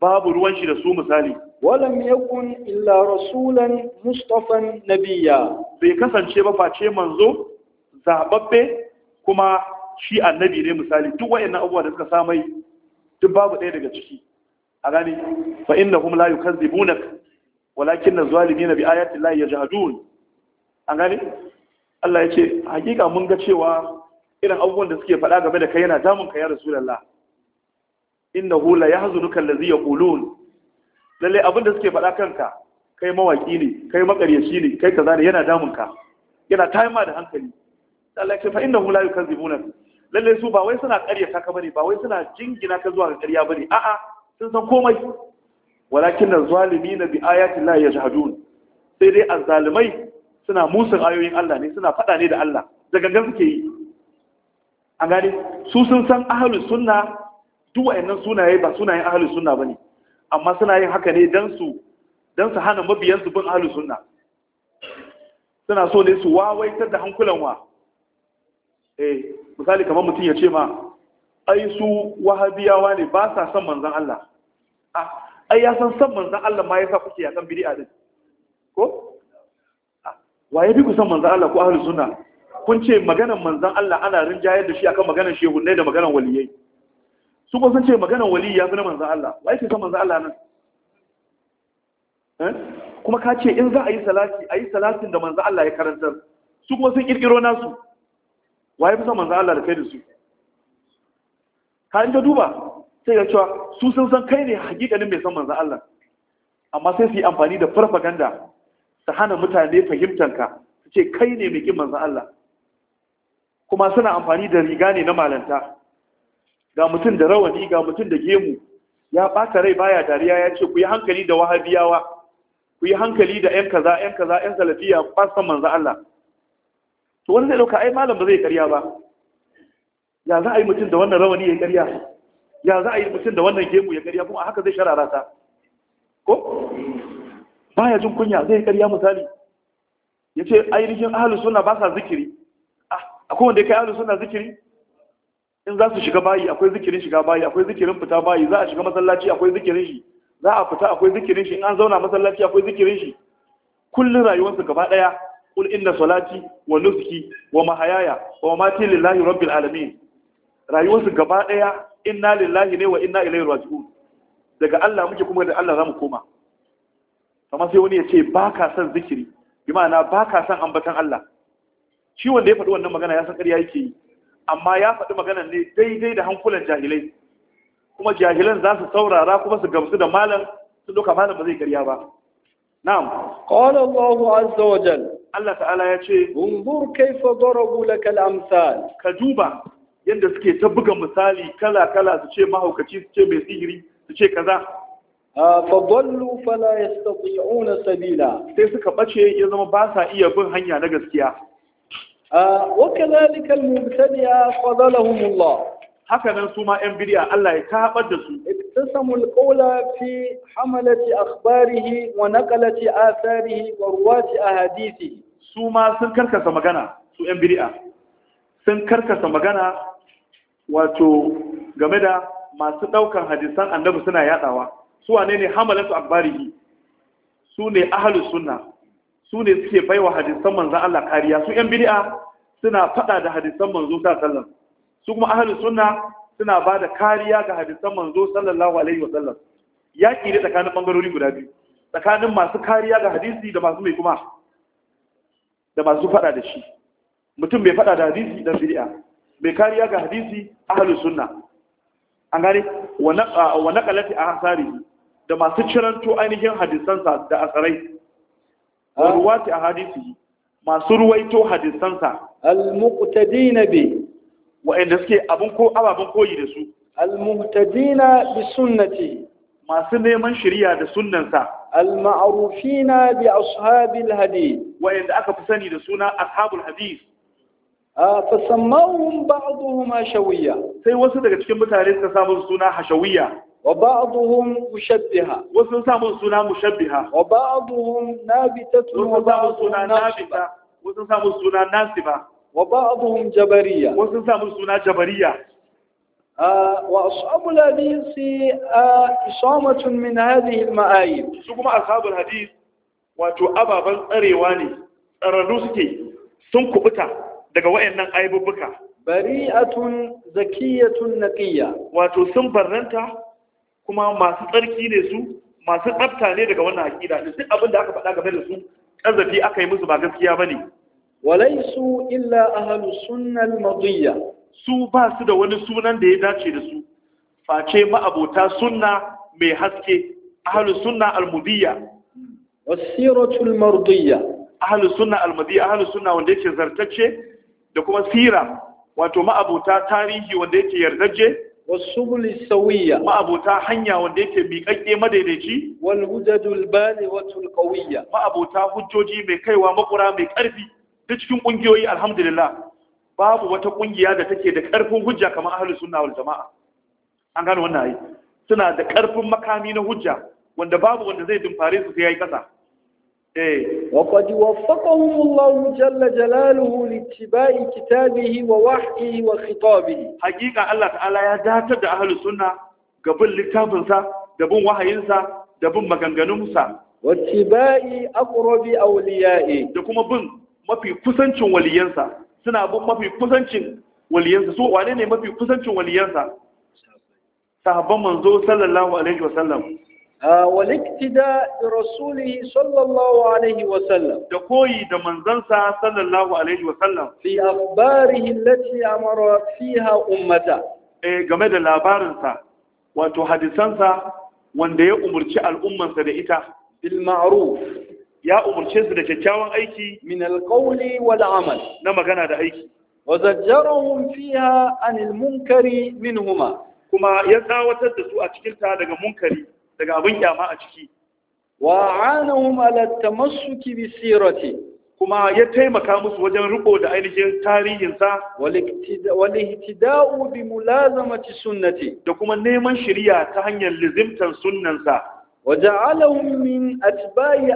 babu ruwan shi da su misali walam yakun illa rasulan mustafan nabiyya bai kasance ba face manzo zababbe kuma shi annabi ne misali duk wayannan abubuwa da suka samai duk babu ɗaya daga ciki a gani fa innahum la yukazzibunak walakin az-zalimina bi ayati llahi yajhadun a gani Allah ya ce hakika mun ga cewa irin abubuwan da suke faɗa game da kai yana damun ka ya rasulullah innahu la yahzunuka allazi yaqulun lalle abin da suke faɗa kanka kai mawaki ne kai makaryaci ne kai kaza ne yana damun ka yana tayima da hankali Allah ya fa innahu la yukazibuna lalle su ba wai suna ƙaryata ka bane ba wai suna jingina ka zuwa ga ƙarya bane a'a sun san komai walakin az-zalimin bi ayati la yajhadun sai dai az-zalimai suna musun ayoyin Allah ne suna faɗa ne da Allah da gangan suke yi an gani su sun san ahlus sunna duk wayannan sunaye ba sunayen suna ba ne, amma suna yin haka ne don su hana mabiyan bin ahalus suna suna so ne su wawaitar da hankulanwa. eh misali kamar mutum ya ce ma ai su wahabiyawa ne ba sa son manzan Allah ah ai ya san san manzan Allah ma yasa kuke ya san bid'a din ko ah, wa ya bi ku san manzan Allah ko ahlus sunna kun ce maganar manzan Allah ana rinjayar da shi akan maganar ne da maganar waliyai su kuma sun ce maganar wali ya fi na manzan Allah wa yake kan manzan Allah nan eh? kuma ka ce in za a yi salati a yi salatin da manzan Allah ya karantar su kuma sun kirkiro nasu wa ya fi manzan Allah da kai da su ka ta duba sai ya cewa su sun san kai ne hakikanin mai san manzan Allah amma sai su yi amfani da farfaganda ta hana mutane fahimtanka su ce kai ne mai kin manzan Allah kuma suna amfani da riga ne na malanta ga mutum da rawani ga mutum da gemu ya baka rai baya dariya ya ce ku yi hankali da wahabiyawa ku yi hankali da yan kaza yan kaza yan salafiya ba san manzo Allah to wani zai dauka ai malam ba zai karya ba ya za a yi mutum da wannan rawani ya karya ya za a yi mutum da wannan gemu ya karya kuma haka zai sharara ta ko baya jin kunya zai karya misali yace rikin ahlus sunna ba sa zikiri ah akwai wanda kai ahlus sunna zikiri in za su shiga bayi akwai zikirin shiga bayi akwai zikirin fita bayi za a shiga masallaci akwai zikirin shi za a fita akwai zikirin shi in an zauna masallaci akwai zikirin shi kullun rayuwarsu gaba daya kul inna salati wa nusuki wa mahayaya wa mamati lillahi rabbil alamin rayuwarsu gaba daya inna lillahi ne wa inna ilaihi raji'un daga Allah muke kuma da Allah zamu koma amma sai wani ya ce baka son zikiri bi ma'ana baka son ambatan Allah shi wanda ya faɗi wannan magana ya san ƙarya yake yi amma ya faɗi maganar ne daidai da hankulan jahilai kuma jahilan za su saurara kuma su gamsu da malam su doka malam ba zai karya ba na'am qala Allahu azza wa Allah ta'ala ya ce unzur kayfa darabu laka al-amsal ka duba yadda suke ta buga misali kala kala su ce mahaukaci su ce mai sihiri su ce kaza fa dallu fala yastati'una sabila sai suka ɓace ya zama ba sa iya bin hanya na gaskiya وكذلك المبتدع فضلهم الله هكذا سوما ان بديا الله da su اقتسموا القول في حملة أخباره ونقلة آثاره ورواة أحاديثه سوما sun karkasa magana su yan bid'a sun karkasa magana wato game da masu daukan hadisan annabi suna yadawa su wane ne hamalatu akbarihi su ne ahlus sunna su ne suke baiwa hadisan manzan Allah kariya su yan bid'a suna faɗa da hadisan manzo sallallahu su kuma ahlus sunna suna ba da kariya ga hadisan manzo sallallahu alaihi wa sallam yaki ne tsakanin ɓangarori guda biyu tsakanin masu kariya ga hadisi da masu mai kuma da masu faɗa da shi mutum mai faɗa da hadisi dan bid'a mai kariya ga hadisi ahlus sunna an gane wa naqalati ahsari da masu ciranto ainihin hadisansa da asarai a hadisi? masu ruwaito hadisansa al-muqtadina bi wa'anda suke abun ko ababen koyi da su al bi sunnati masu neman shari'a da sunnansa al-ma'rufina bi ashabil hadith wa'anda aka fi sani da suna ashabul hadith fasammahum ba'dhum hashawiyya sai wasu daga cikin mutane suka samu suna hashawiyya wa ba'dhum mushabbiha wasu samun suna mushabbiha wa ba'dhum nabitatu wa ba'dhum suna nabita wasu samun suna nasiba wa ba'dhum jabariya wasu samun suna jabariya wa ashabul hadisi isamatun min hadhihi al-ma'ayib su kuma ashabul wato tsarewa ne tsararru suke sun kubuta daga wayannan aibubbuka bari'atun zakiyatun naqiya wato sun barranta kuma masu tsarki ne su masu tsafta ne daga wannan aƙida da duk abin da aka faɗa game da su ƙazafi aka yi musu ba gaskiya ba ne walaisu illa ahalu sunnal madiyya su ba su da wani sunan da ya dace da su face ma'abota sunna mai haske ahalu sunna almudiyya wasiratul mardiyya ahalu sunna almudiyya ahalu sunna wanda yake zartacce da kuma sira wato ma'abota tarihi wanda yake yardaje wasubul sawiyya ma'abota hanya wanda yake miƙaƙƙe madaidaici wal hujjatul balighatul qawiyya ma'abota hujjoji mai kaiwa makura mai ƙarfi ta cikin ƙungiyoyi alhamdulillah babu wata ƙungiya da take da ƙarfin hujja kamar ahlus sunna wal jama'a an gano wannan ai suna da ƙarfin makami na hujja wanda babu wanda zai dumfare su sai yayi ƙasa وقد وفقهم الله جل جلاله لاتباع كتابه ووحيه وخطابه حقيقة الله تعالى يا ذات أهل السنة قبل لكتابنسا دبون وحينسا دبون مغنغنمسا واتباع أقرب أوليائه دكما بن ما في كسنش وليانسا سنة بن ما في كسنش وليانسا سوء وعلينا ما في كسنش وليانسا صحابة منزو صلى الله عليه وسلم waliktida da rasulihi sallallahu alaihi wasallam da koyi da manzansa sallallahu alaihi wasallam fi akhbarihi allati amara fiha ummata eh game da labarinsa wato hadisansa wanda ya umurci al'ummansa da ita bil ma'ruf ya umurce su da kyakkyawan aiki min alqawli wal amal na magana da aiki wa zajjarahum fiha anil munkari huma. kuma ya tsawatar da su a cikin ta daga munkari daga abin kyama a ciki wa anahum ala tamassuki bi sirati kuma ya taimaka musu wajen riko da ainihin tarihinsa wal ihtida'u bi mulazamati sunnati da kuma neman shari'a ta hanyar lizimtar sunnansa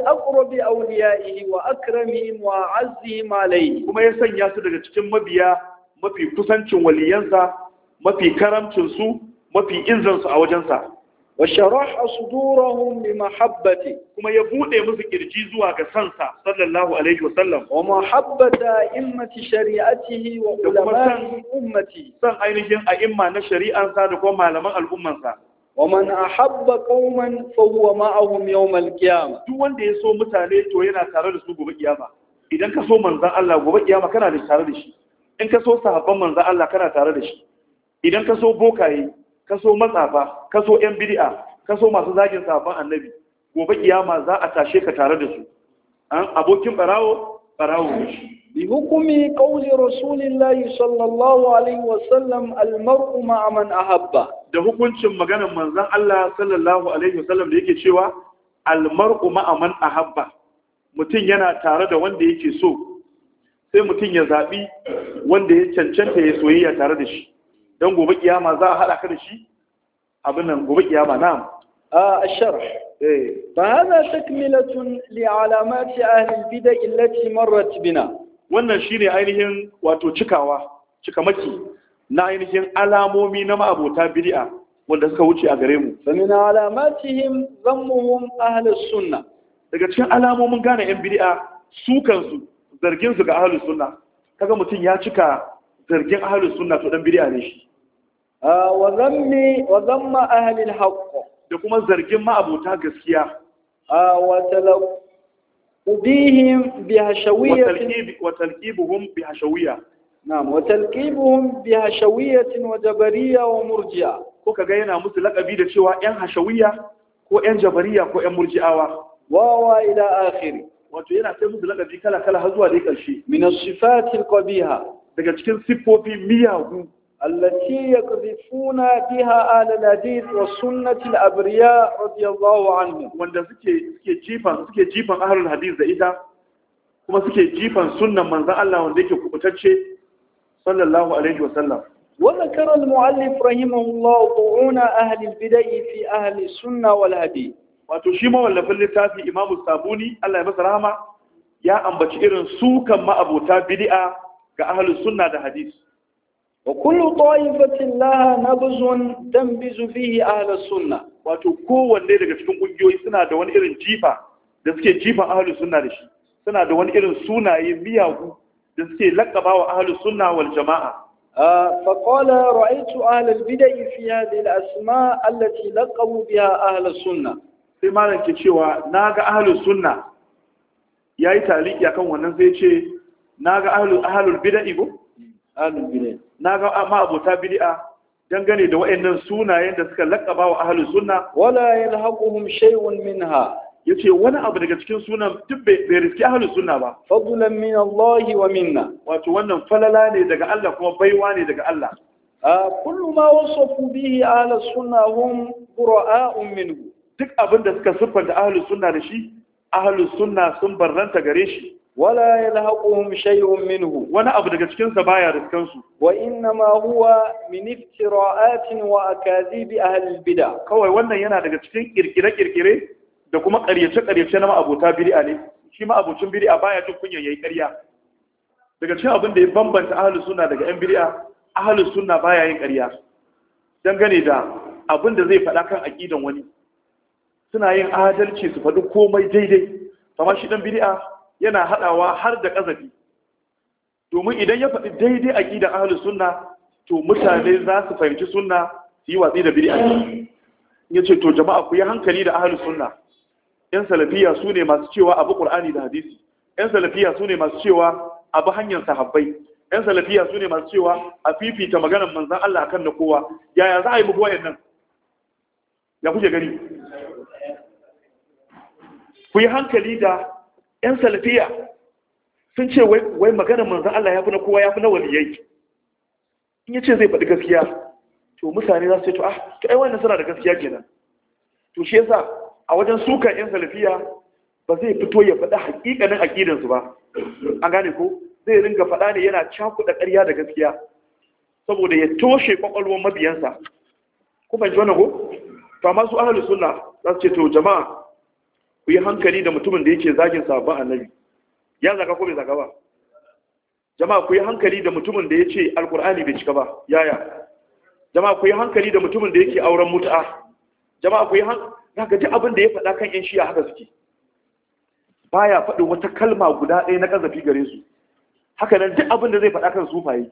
aqrabi awliya'ihi wa akramihim wa 'azzihim alayhi Kuma ya sanya su daga cikin mabiya mafi kusancin waliyansa mafi karamcin su mafi inzansu a wajensa wa sharaha sudurahum bi mahabbati kuma ya bude musu kirji zuwa ga sansa sallallahu alaihi wa sallam. wa mahabbata immati shari'atihi wa ulama'i ummati san ainihin a'imma na shari'an sa da kuma malaman al'umman sa wa man ahabba qauman fa huwa ma'ahum yawm al-qiyamah duk wanda ya so mutane to yana tare da su gobe kiyama idan ka so manzon Allah gobe kiyama kana da tare da shi in ka so sahabban manzon Allah kana tare da shi idan ka so bokaye kaso matsafa kaso yan bid'a kaso masu zagin safan annabi gobe kiyama za a tashe ka tare da su an abokin barawo barawo bi hukumi qauli rasulillahi sallallahu alaihi wa sallam al mar'u ma'a man ahabba da hukuncin maganar manzon Allah sallallahu alaihi wa da yake cewa al mar'u ma'a man ahabba mutum yana tare da wanda yake so sai mutum ya zabi wanda ya cancanta ya soyayya tare da shi don gobe kiyama za a haɗa ka da shi abin nan gobe kiyama na الشرح فهذا تكملة لعلامات أهل البدع التي مرت بنا wannan shine ainihin wato cikawa cikamaki na ainihin alamomi na ma'abota bid'a wanda suka wuce a gare mu famin alamatihim zammuhum ahlus sunna daga cikin alamomin gane yan bid'a su kansu zargin su ga ahlus sunna kaga mutum ya cika zargin ahlus sunna to dan bid'a ne shi Ah, wa zammi wa zamma ahli al da kuma zargin ma'abota gaskiya ah, wa talqibihim bi hashawiyyatin wa talqibuhum wa murjiya. kuka ga yana musu lakabi da cewa yan hashawiyya ko yan jabariya ko yan murji'awa Wawa ila akhiri wato yana sai musu lakabi kala kala har zuwa dai karshe min as-sifatil daga cikin siffofi miyagu التي يقذفون بها آل الحديث والسنة الأبرياء رضي الله عنهم wanda suke suke jifan suke jifan ahlul hadith da ita kuma suke jifan sunnan manzon Allah wanda yake kubutacce sallallahu alaihi wasallam وذكر المؤلف رحمه الله طعون أهل البدع في أهل السنة والهدي wato shi mawallafin littafi imamu sabuni Allah ya masa rahama ya ambaci irin sukan ma'abota bid'a ga ahlus sunna da hadisi وكل طائفة لها نبز تنبز فيه أهل السنة wato kowanne daga cikin ƙungiyoyi suna da wani irin jifa da suke jifa ahlus sunna da shi suna da wani irin sunaye miyagu da suke lakaba wa ahlus sunna wal jama'a fa qala ra'aytu ahlal bid'ah fi hadhihi al asma allati laqabu biha ahlus sunna sai malam ke cewa naga ahlus sunna yayi taliki akan wannan sai ce naga ahlul ahlul bid'ah ahlul na ga amma abota bid'a dangane da wayannan sunayen da suka lakaba wa ahlus sunna wala yalhaquhum shay'un minha yace wani abu daga cikin sunan duk bai riski ahlus sunna ba fadlan min Allah wa minna wato wannan falala ne daga Allah kuma baiwa ne daga Allah kullu ma wasafu bihi ahlus sunna hum bura'a'un minhu duk abin da suka siffanta ahlus sunna da shi ahlus sunna sun barranta gare shi wala yalhaquhum shay'un minhu wani abu daga cikinsa baya riskan su wa ma huwa min wa akazib ahli albid'a kawai wannan yana daga cikin kirkire-kirkire da kuma ƙaryace-ƙaryace na ma'abota bid'a ne shi ma'abocin bid'a baya jin kunya yayi ƙarya daga cikin abin da ya bambanta ahli sunna daga yan bid'a ahli sunna baya yin ƙarya dangane da abin da zai faɗa kan aƙidan wani suna yin adalci su faɗi komai daidai kamar shi dan bid'a yana haɗawa har da ƙazafi domin idan ya faɗi daidai aƙidar ahlus sunna to mutane za su fahimci sunna su yi watsi da bid'a ya ce to jama'a ku yi hankali da ahlus sunna yan salafiya su ne masu cewa abu qur'ani da hadisi yan salafiya su ne masu cewa abu hanyar sahabbai yan salafiya su ne masu cewa a fifita maganar manzon Allah kan na kowa yaya za a yi muku nan ya kuke gani ku yi hankali da yan salafiya sun ce wai magana manzan Allah ya fi na kowa ya fi na waliyai in ya ce zai faɗi gaskiya to mutane za su ce to ah to ai wannan suna da gaskiya kenan to shi yasa a wajen sukan yan salafiya ba zai fito ya faɗi hakikanin aƙidansu ba an gane ko zai ringa faɗa ne yana cakuɗa ƙarya da gaskiya saboda ya toshe ƙwaƙwalwar mabiyansa kuma ji wannan ko to amma su ahlus sunna za su ce to jama'a ku yi hankali da mutumin da yake zagin sahabban annabi ya zaga ko bai zaga ba jama'a ku yi hankali da mutumin da yake alkur'ani bai cika ba yaya jama'a ku yi hankali da mutumin da yake auren mut'a jama'a ku yi hankali daga duk abin da ya faɗa kan yan shiya haka suke baya faɗin wata kalma guda ɗaya na ƙazafi gare su haka nan duk abin da zai faɗa kan sufaye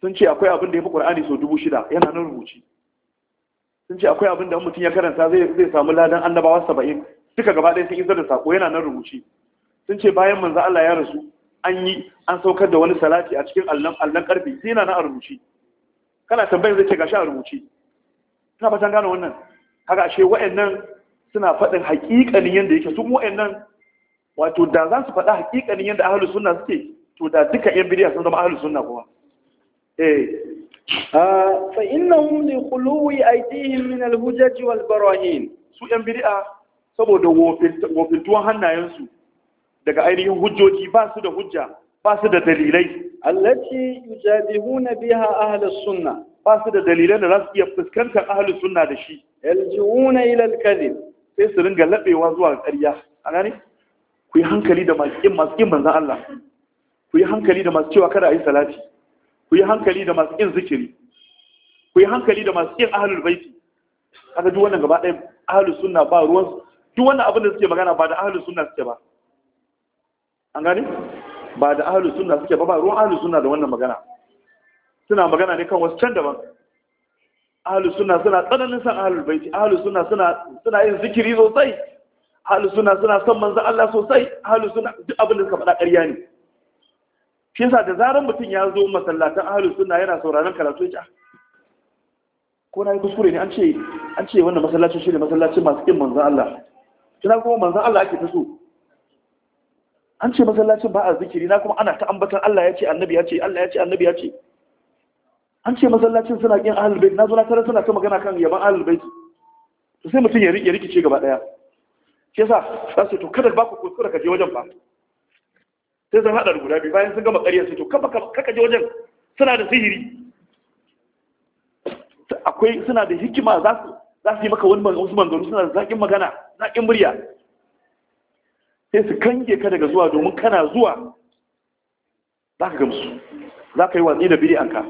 sun ce akwai abin da ya fi ƙur'ani sau dubu shida yana nan rubuci sun ce akwai abin da mutum ya karanta zai samu ladan annabawa saba'in duka gaba ɗaya sun isar da sako yana nan rubuce sun ce bayan manzo Allah ya rasu an yi an saukar da wani salati a cikin allon allon karfe sai yana nan a rubuce kana tambayar zai ce gashi a rubuce ina fatan gane wannan kaga ashe wa'annan suna faɗin haƙiƙanin yadda yake su wa'annan wato da za su faɗa haƙiƙanin yadda ahlus sunna suke to da duka yan bidiya sun zama ahlus sunna kuma eh فإنهم لخلو أيديهم من الهجج والبراهين su ‘yan bid'a saboda wofintuwan hannayensu daga ainihin hujjoji ba su da hujja ba su da dalilai allaci yujadihuna biha ahlus sunna ba su da dalilai da za su iya fuskantar ahlus sunna da shi yaljiuna ila alkadhib sai su ringa labewa zuwa ƙarya a gane ku yi hankali da masu yin manzon Allah ku yi hankali da masu cewa kada a yi salati ku yi hankali da masu yin zikiri ku yi hankali da masu yin ahalul baiti haka duk wannan gaba ɗaya ahalul sunna ba ruwan duk wannan abin da suke magana ba da ahalul sunna suke ba an gane ba da ahalul sunna suke ba ba ruwan ahalul sunna da wannan magana suna magana ne kan wasu can daban ahalul sunna suna tsananin san ahalul baiti ahalul sunna suna suna yin zikiri sosai ahalul sunna suna son manzon Allah sosai ahalul sunna duk abin da suka faɗa ƙarya ne shi yasa da zaran mutum ya zo masallatan ahlus sunna yana sauraron karatu ya ah, ko na yi kuskure ne an ce an ce wannan masallacin shi ne masallacin masu kin manzan Allah kina kuma manzan Allah ake ta an ce masallacin ba a zikiri na kuma ana ta ambatan Allah ya ce annabi ya ce Allah ya ce annabi ya ce an ce masallacin suna kin ahlul bait na zo na tare suna ta magana kan yaban ahlul bait to sai mutum ya rikice gaba daya shi yasa sai to kada ba ku kuskura ka je wajen ba sai sun haɗa guda biyu bayan sun gama ƙaryar sai to kaka je wajen suna da sihiri akwai suna da hikima za su za su yi maka wani wasu manzanni suna da zaƙin magana zaƙin murya sai su kange ka daga zuwa domin kana zuwa za ka gamsu za ka yi watsi da biri an ka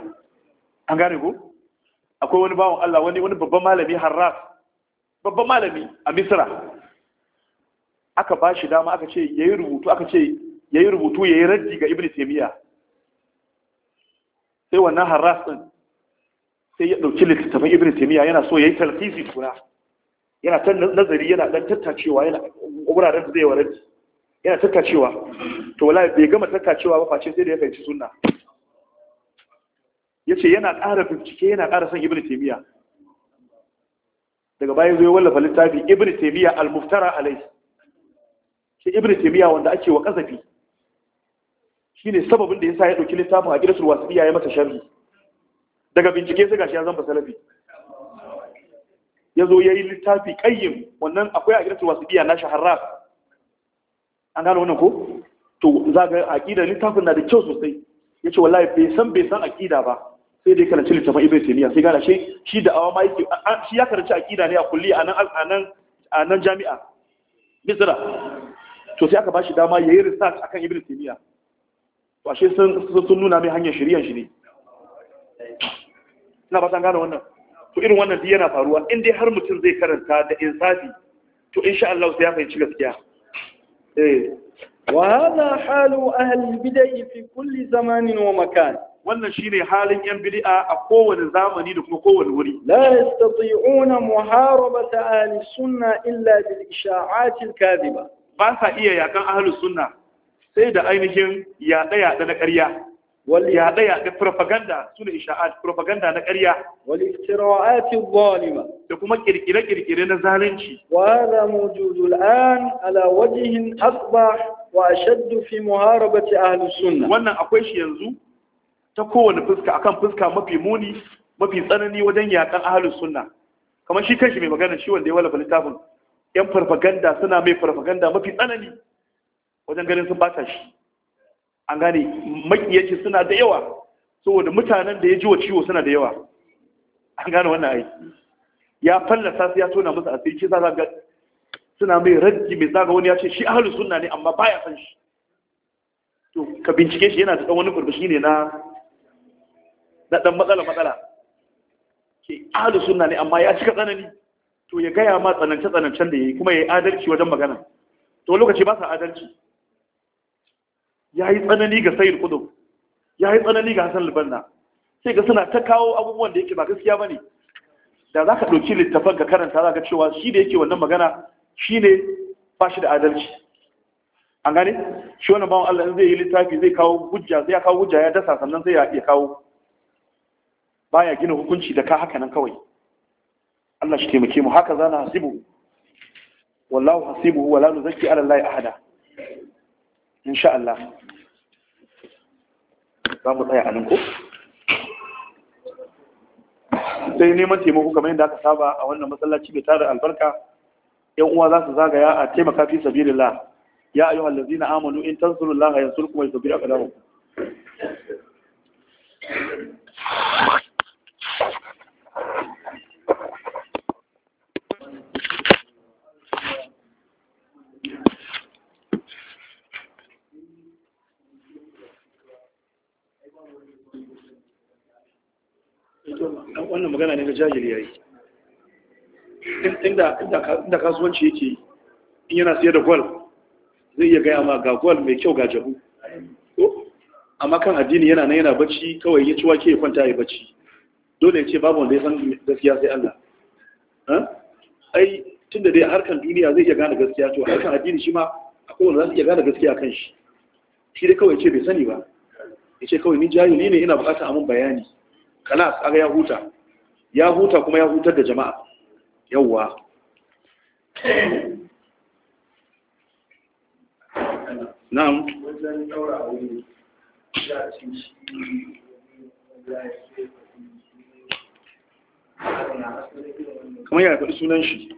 an gane ko akwai wani bawan Allah wani wani babban malami harraf babban malami a Misira. aka ba shi dama aka ce ya yi rubutu aka ce ya yi rubutu ya yi raddi ga ibn taimiyya sai wannan harras ɗin sai ya ɗauki littattafan ibn taimiyya yana so ya yi talfisi tuna yana ta nazari yana ɗan tattacewa yana wuraren da zai wa raddi yana tattacewa to wala bai gama tattacewa ba face sai da ya fahimci sunna ya ce yana ƙara bincike yana ƙara son ibn taimiyya daga bayan zai wallafa littafi ibn taimiyya al-muftara alai sai ibn taimiyya wanda ake wa ƙazafi shine sababin da yasa ya dauki littafin a gidasul wasiya ya mata sharhi daga bincike sai gashi ya Ya salafi yazo yayi littafi qayyim wannan akwai a wasu wasiya na shaharra. an gano wannan ko to zaga aqida littafin na da kyau sosai yace wallahi bai san bai san aqida ba sai dai karanci littafin Ibrahim taymiya sai gane shi da awa ma shi ya karanci aqida ne a kulli a nan a a nan jami'a misra to sai aka bashi dama yayi research akan Ibrahim taymiya washe sun nuna mai hanyar shirya shi ne na ba gane wannan to irin wannan duk yana faruwa in dai har mutum zai karanta da insafi to insha Allah sai ya fahimci gaskiya eh wa hada halu ahli bid'ah fi kulli zamanin wa makan wannan shine halin yan bid'a a kowane zamani da kuma kowane wuri la yastati'una muharabata ahli sunna illa bil isha'at al kadhiba ba sa iya yakan ahli sunna sai da ainihin yaɗe-yaɗe na ƙarya yaɗe-yaɗe propaganda suna isha'ad propaganda na ƙarya wal iftira'ati zalima da kuma kirkire-kirkire na zalunci wa hada mawjudul an ala wajhin asbah wa ashadd fi muharabati ahli sunnah wannan akwai shi yanzu ta kowane fuska akan fuska mafi muni mafi tsanani wajen yaƙan ahli sunna kamar shi kanshi mai magana shi wanda ya wallafa littafin yan propaganda suna mai propaganda mafi tsanani wajen ganin sun bata shi an gane makiyaci suna da yawa saboda mutanen da ya ji wa ciwo suna da yawa an gane wannan ai ya fallasa su ya tona musu a sai za ga suna mai raji mai zaga wani ya ce shi ahalu sunna ne amma baya san shi to ka bincike shi yana da wani burbushi ne na na dan matsala matsala ke ahalu sunna ne amma ya cika tsanani to ya gaya ma tsanance tsanancen da yayi kuma ya yi adalci wajen magana to lokaci ba sa adalci ya yi tsanani ga sayid kudu ya yi tsanani ga hassan libanna sai ga suna ta kawo abubuwan da yake ba gaskiya ba ne da za ka ɗauki littafan ga karanta za ka cewa shi da yake wannan magana shi ne ba shi da adalci an gane shi wannan bawan allah zai yi littafi zai kawo hujja zai kawo hujja ya dasa sannan zai ya kawo baya gina hukunci da ka haka nan kawai Allah shi taimake mu haka zana hasibu wallahu hasibu wala nuzakki ala allahi ahada insha Allah za mu tsaya a nan ko sai neman taimako kamar yadda aka saba a wannan masallaci mai tara albarka yan uwa za su zagaya a taimaka fi sabilillah ya ayyuhal ladzina amanu in tansurullaha yansurkum wa yuthabbit aqdamakum jahil ya yi inda kasuwanci yake in yana siya da gwal zai iya gaya ma ga gwal mai kyau ga jahu amma kan addini yana na yana bacci kawai ya ci wake ya kwanta ya bacci dole ya ce babu wanda ya san gaskiya sai Allah ai tun da dai harkar duniya zai iya gane gaskiya to harkar addini shi ma akwai wanda za su iya gane gaskiya kan shi shi dai kawai ce bai sani ba ya ce kawai ni jahili ne ina bukata amin bayani kana kaga ya huta ya huta kuma ya hutar da jama'a yawwa na'am kamar ya faɗi sunan shi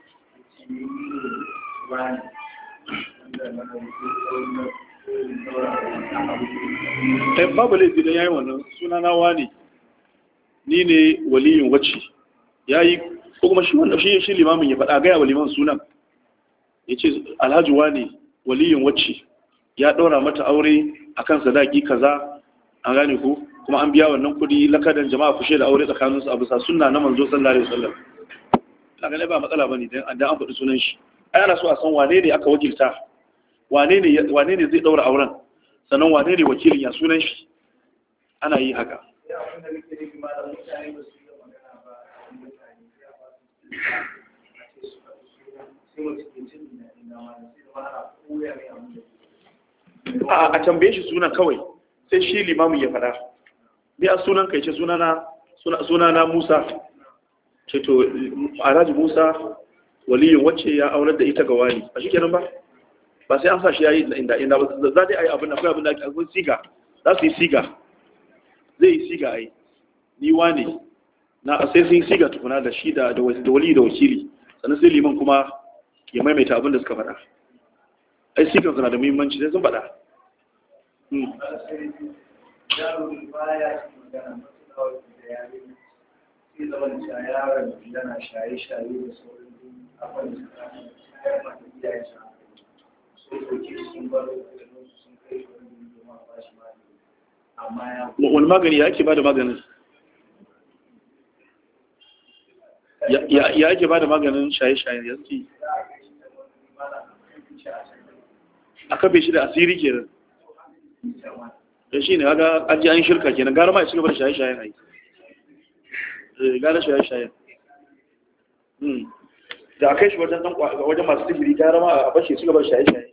eh, babu da ya yi wannan suna nawa ne ni ne waliyin wacce ya yi ko kuma shi wanda shi shi limamin ya faɗa gaya ya waliman sunan ce alhaji wani waliyin wacce ya ɗora mata aure akan sadaki kaza an gane ku? kuma an biya wannan kuɗi lakadan jama'a kushe da aure tsakanin su a bisa sunna na manzo sallallahu alaihi wasallam kaga ne ba matsala bane dan an faɗi sunan shi ai ana so a san wane ne aka wakilta wane ne wane ne zai ɗora auren sannan wane ne wakilin ya sunan shi ana yi haka a mutane sai a suna tambaye shi sunan kawai sai shi limamin ya fada bi a sunan kai ce suna na musa ce to alhaji musa waliyin wacce ya aurar da ita ga wani a shi kenan ba ba sai an sa shi ya yi inda inda ba za dai a yi abin da akwai abin da ake akwai siga za su yi siga zai yi siga ai ni wane na sai sun siga tukuna da shi da wali da wakili sannan sai liman kuma ya maimaita abin da suka fada ai sigan suna da muhimmanci sai sun fada hmm. shaye-shaye wani magani ya ake ba da maganin ya ake ba da maganin shaye-shaye ya suke a kafe shi da asiri kenan da eh, shi ne haga aji an shirka kenan gara ma ya cigaba da shaye-shaye na yi. Eh, gara shaye-shaye hmm. da aka kai shi wajen masu digiri gara ma a bashe cigaba da shaye-shaye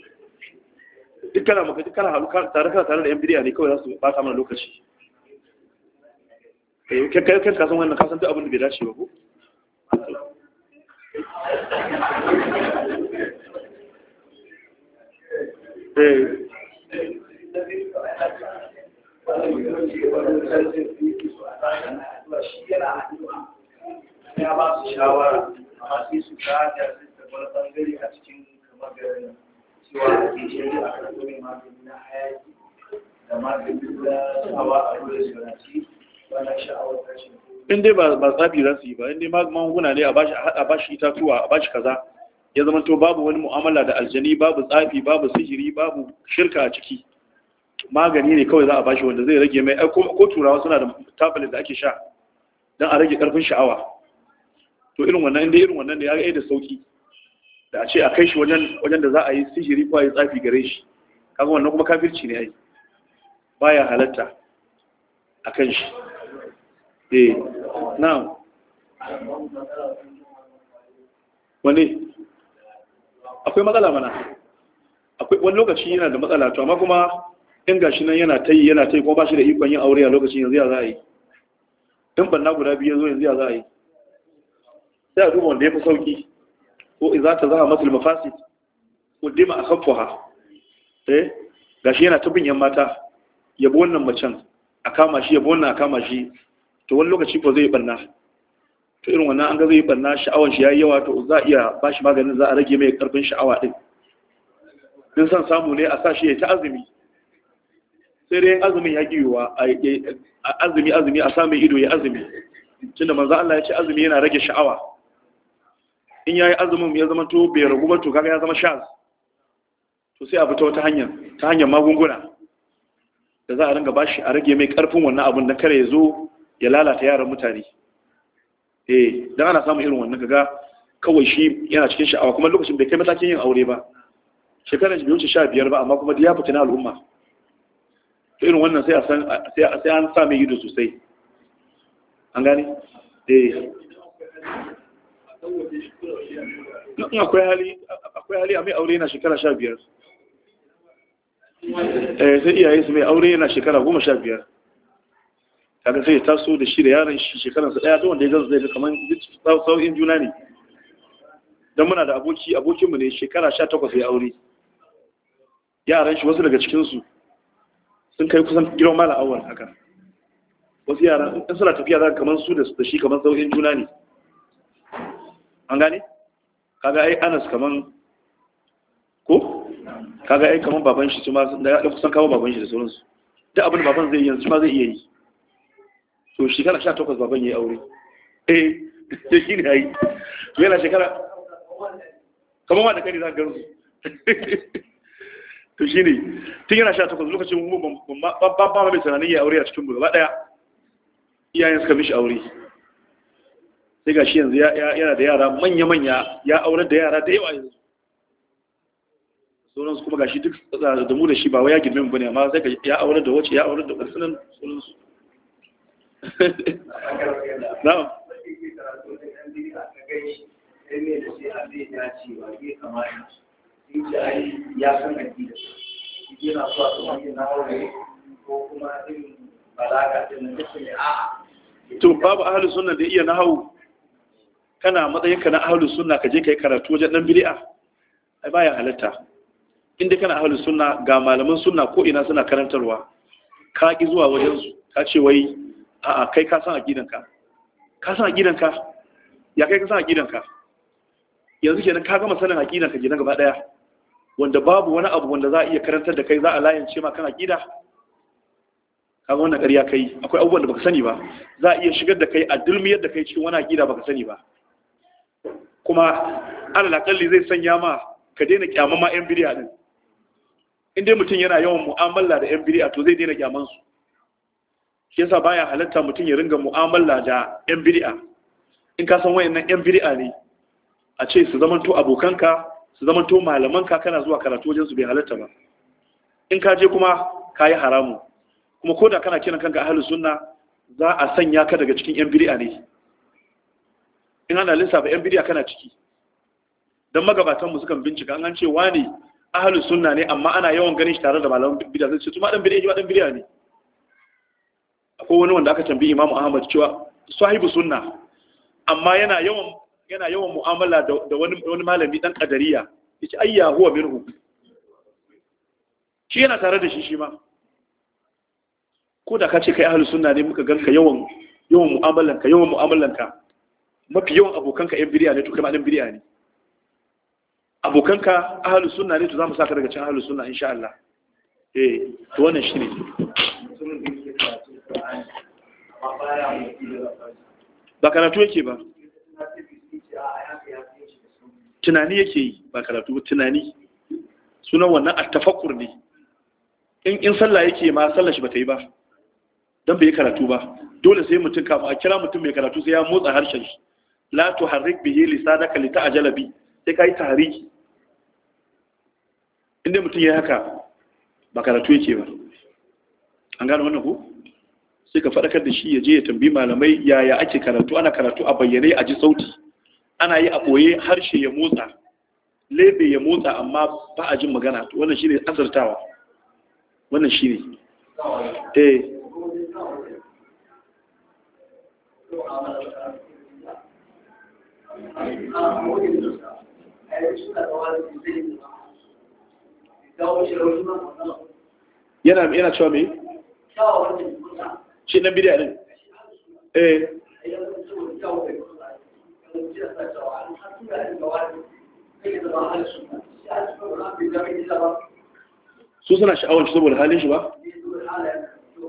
duk kana maka duk kana halu tare kana tare da yan bidiya ne kawai za su ba ka mana lokaci eh kai kai kan kasan wannan kasan duk abin da bai dace ba ko eh. Eh. ya ba su shawara amma sai su ga da su wani a cikin kamar garin cewa a ke shari'a a kan wani yi na hayaki da magani na sha'awa a ruwa shiraci wannan sha'awar tashin in dai ba tsafi za su yi ba in dai magunguna ne a bashi itatuwa a bashi kaza ya zama to babu wani mu'amala da aljani babu tsafi babu sihiri babu shirka a ciki magani ne kawai za a bashi wanda zai rage mai ko turawa suna da tablet da ake sha don a rage karfin sha'awa to irin wannan inda irin wannan da ya ga da sauki da a ce a kai shi wajen da za a yi sihiri ko a yi tsafi gare shi kaga wannan kuma kafirci ne ai baya halatta a kan shi eh now wani akwai matsala mana akwai wani lokaci yana da matsala to amma kuma in gashi nan yana ta yi yana ta yi kuma ba shi da ikon yin aure a lokacin yanzu ya za a yi in banna guda biyu ya zo yanzu ya za a yi sai a duba wanda ya fi sauki ko za ta zama idza tazahamatul mafasid qaddima akhaffaha eh gashi yana tabin yan mata yabo wannan macen a kama shi yabo wannan a kama shi to wani lokaci ko zai banna to irin wannan an ga zai banna sha'awar shi yayi yawa to za iya ba shi maganin za a rage mai karfin sha'awa din din san samu ne a sa shi ya ta azumi sai dai azumin ya a azumi azumi a sa mai ido ya azumi tunda manzo Allah ya ce azumi yana rage sha'awa in ya yi azumin ya zama to bai ragu ba to kaga ya zama shaz to sai a fita wata hanyar ta hanyar magunguna da za a ringa bashi a rage mai karfin wannan abun da kare ya zo ya lalata yaran mutane eh dan ana samun irin wannan kaga kawai shi yana cikin sha'awa kuma lokacin bai kai matakin yin aure ba shekarar shi bai wuce 15 biyar ba amma kuma ya fita na al'umma To irin wannan sai an sa mai da sosai an gane? eh in akwai hali a mai aure yana shekara sha biyar eh, sai iyaye su mai aure yana shekara goma sha biyar kaga sai ya taso da shi da yaran shi shekaransa ɗaya ta wanda ya zazu zai ga kamar sau'in juna ne don muna da aboki abokinmu ne shekara sha takwas ya aure yaran shi wasu daga cikinsu sun kai kusan girma mala awal haka wasu yaran in suna tafiya za kamar su da shi kamar sau'in juna ne an gane kaga ai anas kaman ko kaga ai kaman baban shi su ma da kusan kawo baban shi da sauransu duk abin da baban zai yanzu ma zai iya yi to shekara takwas baban yayi aure eh ya shi ne yayi to yana shekara kaman wanda kai a garu to shi ne tun yana sha takwas lokacin mu ba ba mai tunanin ya aure a cikin mu ba daya iyayen suka mishi aure sai shi yanzu yana da yara manya-manya ya aure da yara da yawa yanzu sauransu kuma gashi duk da mu da shi ba wai ya girmin bane amma sai ya da wace ya aure da ƙarfinan sauransu ya aure ko kuma irin a'a to babu ahalin da iya nahawu kana matsayinka na ahlus sunna ka je yi karatu wajen ɗan biri'a? A baya halitta inda kana ahlus sunna ga malaman sunna ko ina suna karantarwa ka ƙi zuwa wajen su ka ce wai a'a kai ka san aqidanka ka san aqidanka ya kai ka san aqidanka yanzu kenan ka gama sanin aqidanka gina gaba ɗaya. wanda babu wani abu wanda za a iya karantar da kai za a layance ma kan aqida kaga wannan ƙarya kai akwai abubuwan da baka sani ba za a iya shigar da kai a dulmiyar da kai cikin wani aqida baka sani ba kuma alal zai sanya ma ka daina kyaman ma yan bidiya din in dai mutum yana yawan mu'amala da yan bidiya to zai daina kyaman su shi yasa baya halatta mutum ya ringa mu'amala da yan bidiya in ka san wayannan yan bidiya ne a ce su zamanto abokanka su zamanto malamanka kana zuwa karatu wajen su bai halatta ba in ka je kuma ka yi haramu kuma ko da kana kiran kanka ahlus sunna za a sanya ka daga cikin yan biri'a ne in ana lissafa yan bidiya kana ciki don magabatanmu sukan bincika an ce wani ahalus sunna ne amma ana yawan ganin shi tare da malamin bidiya sai ce su ma dan bidiya ma dan bidiya ne akwai wani wanda aka tambayi imamu ahmad cewa sahibu sunna amma yana yawan yana yawan mu'amala da wani wani malami dan kadariya yace ayya huwa minhu shi yana tare da shi shi ma ko da ka ce kai ahalus sunna ne muka ganka yawan yawan ka yawan ka mafi yawan abokanka yan biriya ne to kai ma biriya ne abokanka ahlu sunna ne to za sa saka daga cikin ahlu sunna insha Allah eh to wannan shine ba karatu yake ba tunani yake yi ba karatu tunani sunan wannan attafakkur ne in in sallah yake ma sallar shi ba ta yi ba dan bai karatu ba dole sai mutum kafin a kira mutum mai karatu sai ya motsa harshen shi la tuharrik bihi lisanaka ta'jala bi sai kai tahriki inda mutum ya haka ba karatu yake ba an gano wannan ko sai ka faɗakar da shi ya je ya tambi malamai yaya ake karatu ana karatu a bayyane a ji sauti ana yi a ɓoye harshe ya motsa lebe ya motsa amma ba a jin magana wannan shi ne azartawa wannan shi ne eh yana yana cewa me shi nan bidiyar din eh su suna sha'awar shi saboda halin shi ba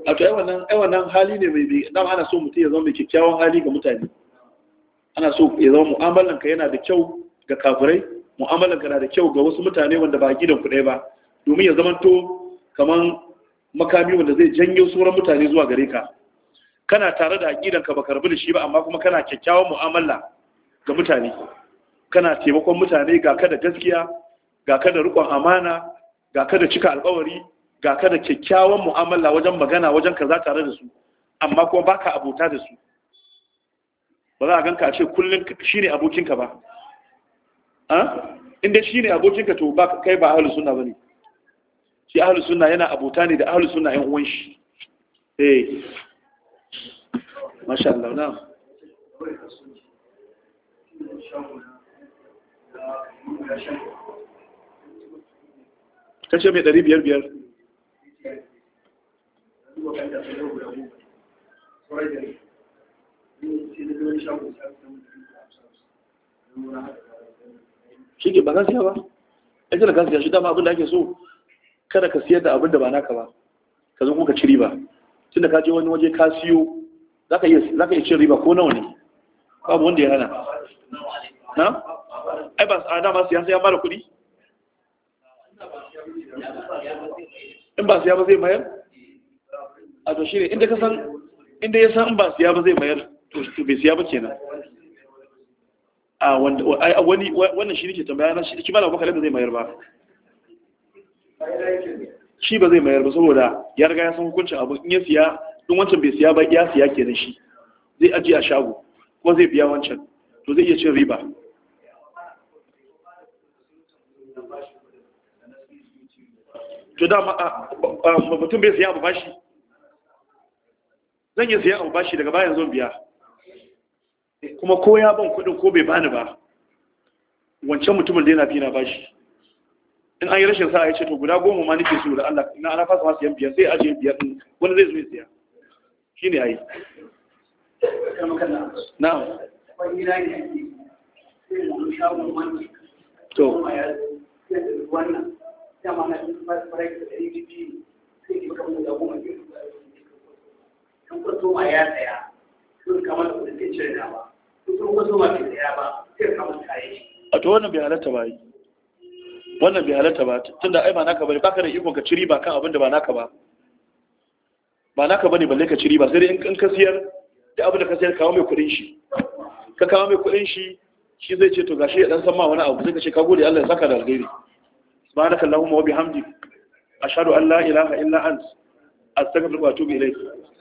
a to ai wannan hali ne mai bi dan ana so mutum ya zama mai kyakkyawan hali ga mutane ana so ya zama mu'amalanka yana da kyau ga kafirai mu'amalanka na da kyau ga wasu mutane wanda ba gidan ku ɗaya ba domin ya zamanto kaman makami wanda zai janyo sauran mutane zuwa gare ka kana tare da ka ba karbi da shi ba amma kuma kana kyakkyawan mu'amala ga mutane kana taimakon mutane ga ka da gaskiya ga ka da riƙon amana ga ka da cika alƙawari ga ka da kyakkyawan mu'amala wajen magana wajen kaza tare da su amma kuma baka abota da su ba za a ganka a ce kullum shi ne abokinka ba ah? inda shi ne abokinka to ba kai ba ahalus suna ba ne shi ahalus suna yana abota ne da ahalus suna yan uwan shi eh masha Allah na kace mai 500 biyar biyar shi ke ba za siya ba ya da ka shi dama abin da ake so kada ka siyar da abin da ba naka ba ka zo kuka ci riba tunda ka je wani waje ka siyo za ka iya cin riba ko nawa ne babu wanda ya hana na? ai ba a dama siya sai ya mara kuɗi in ba siya ba zai mayar a to shi ne inda ya san in ba siya ba zai mayar to bai siya ba kenan a wani wannan shi nake tambaya na shi ba malam bakar da zai mayar ba shi ba zai mayar ba saboda ya riga ya san hukuncin abu in ya siya in wancan bai siya ba ya siya kenan shi zai ajiye a shago kuma zai biya wancan to zai iya cin riba to dama mutum bai siya abu bashi zan iya siya abu bashi daga bayan zon biya kuma ko ya ban kuɗin ko bai bani ba wancan mutumin da yana fi na bashi in an yi rashin sa'a ya ce to guda goma ma nake so da Allah ina ana fasa masa yan biyar sai aje biyar din wani zai zo ya siya shine ayi na'am to wannan ya tsaya sun kamar da ke cire ba a to wannan bai halatta ba yi wannan bai halatta ba tunda ai ba naka bane baka da iko ka ciri ba kan abin da ba naka ba ba naka bane balle ka ciri ba, sai dai in ka siyar da abin da ka siyar kawo mai kuɗin shi ka kawo mai kuɗin shi shi zai ce to gashi ya dan san ma wani abu sai ka ce ka gode Allah ya saka da alheri subhanakallahumma wa bihamdik ashhadu an la ilaha illa anta astaghfiruka wa atubu ilayk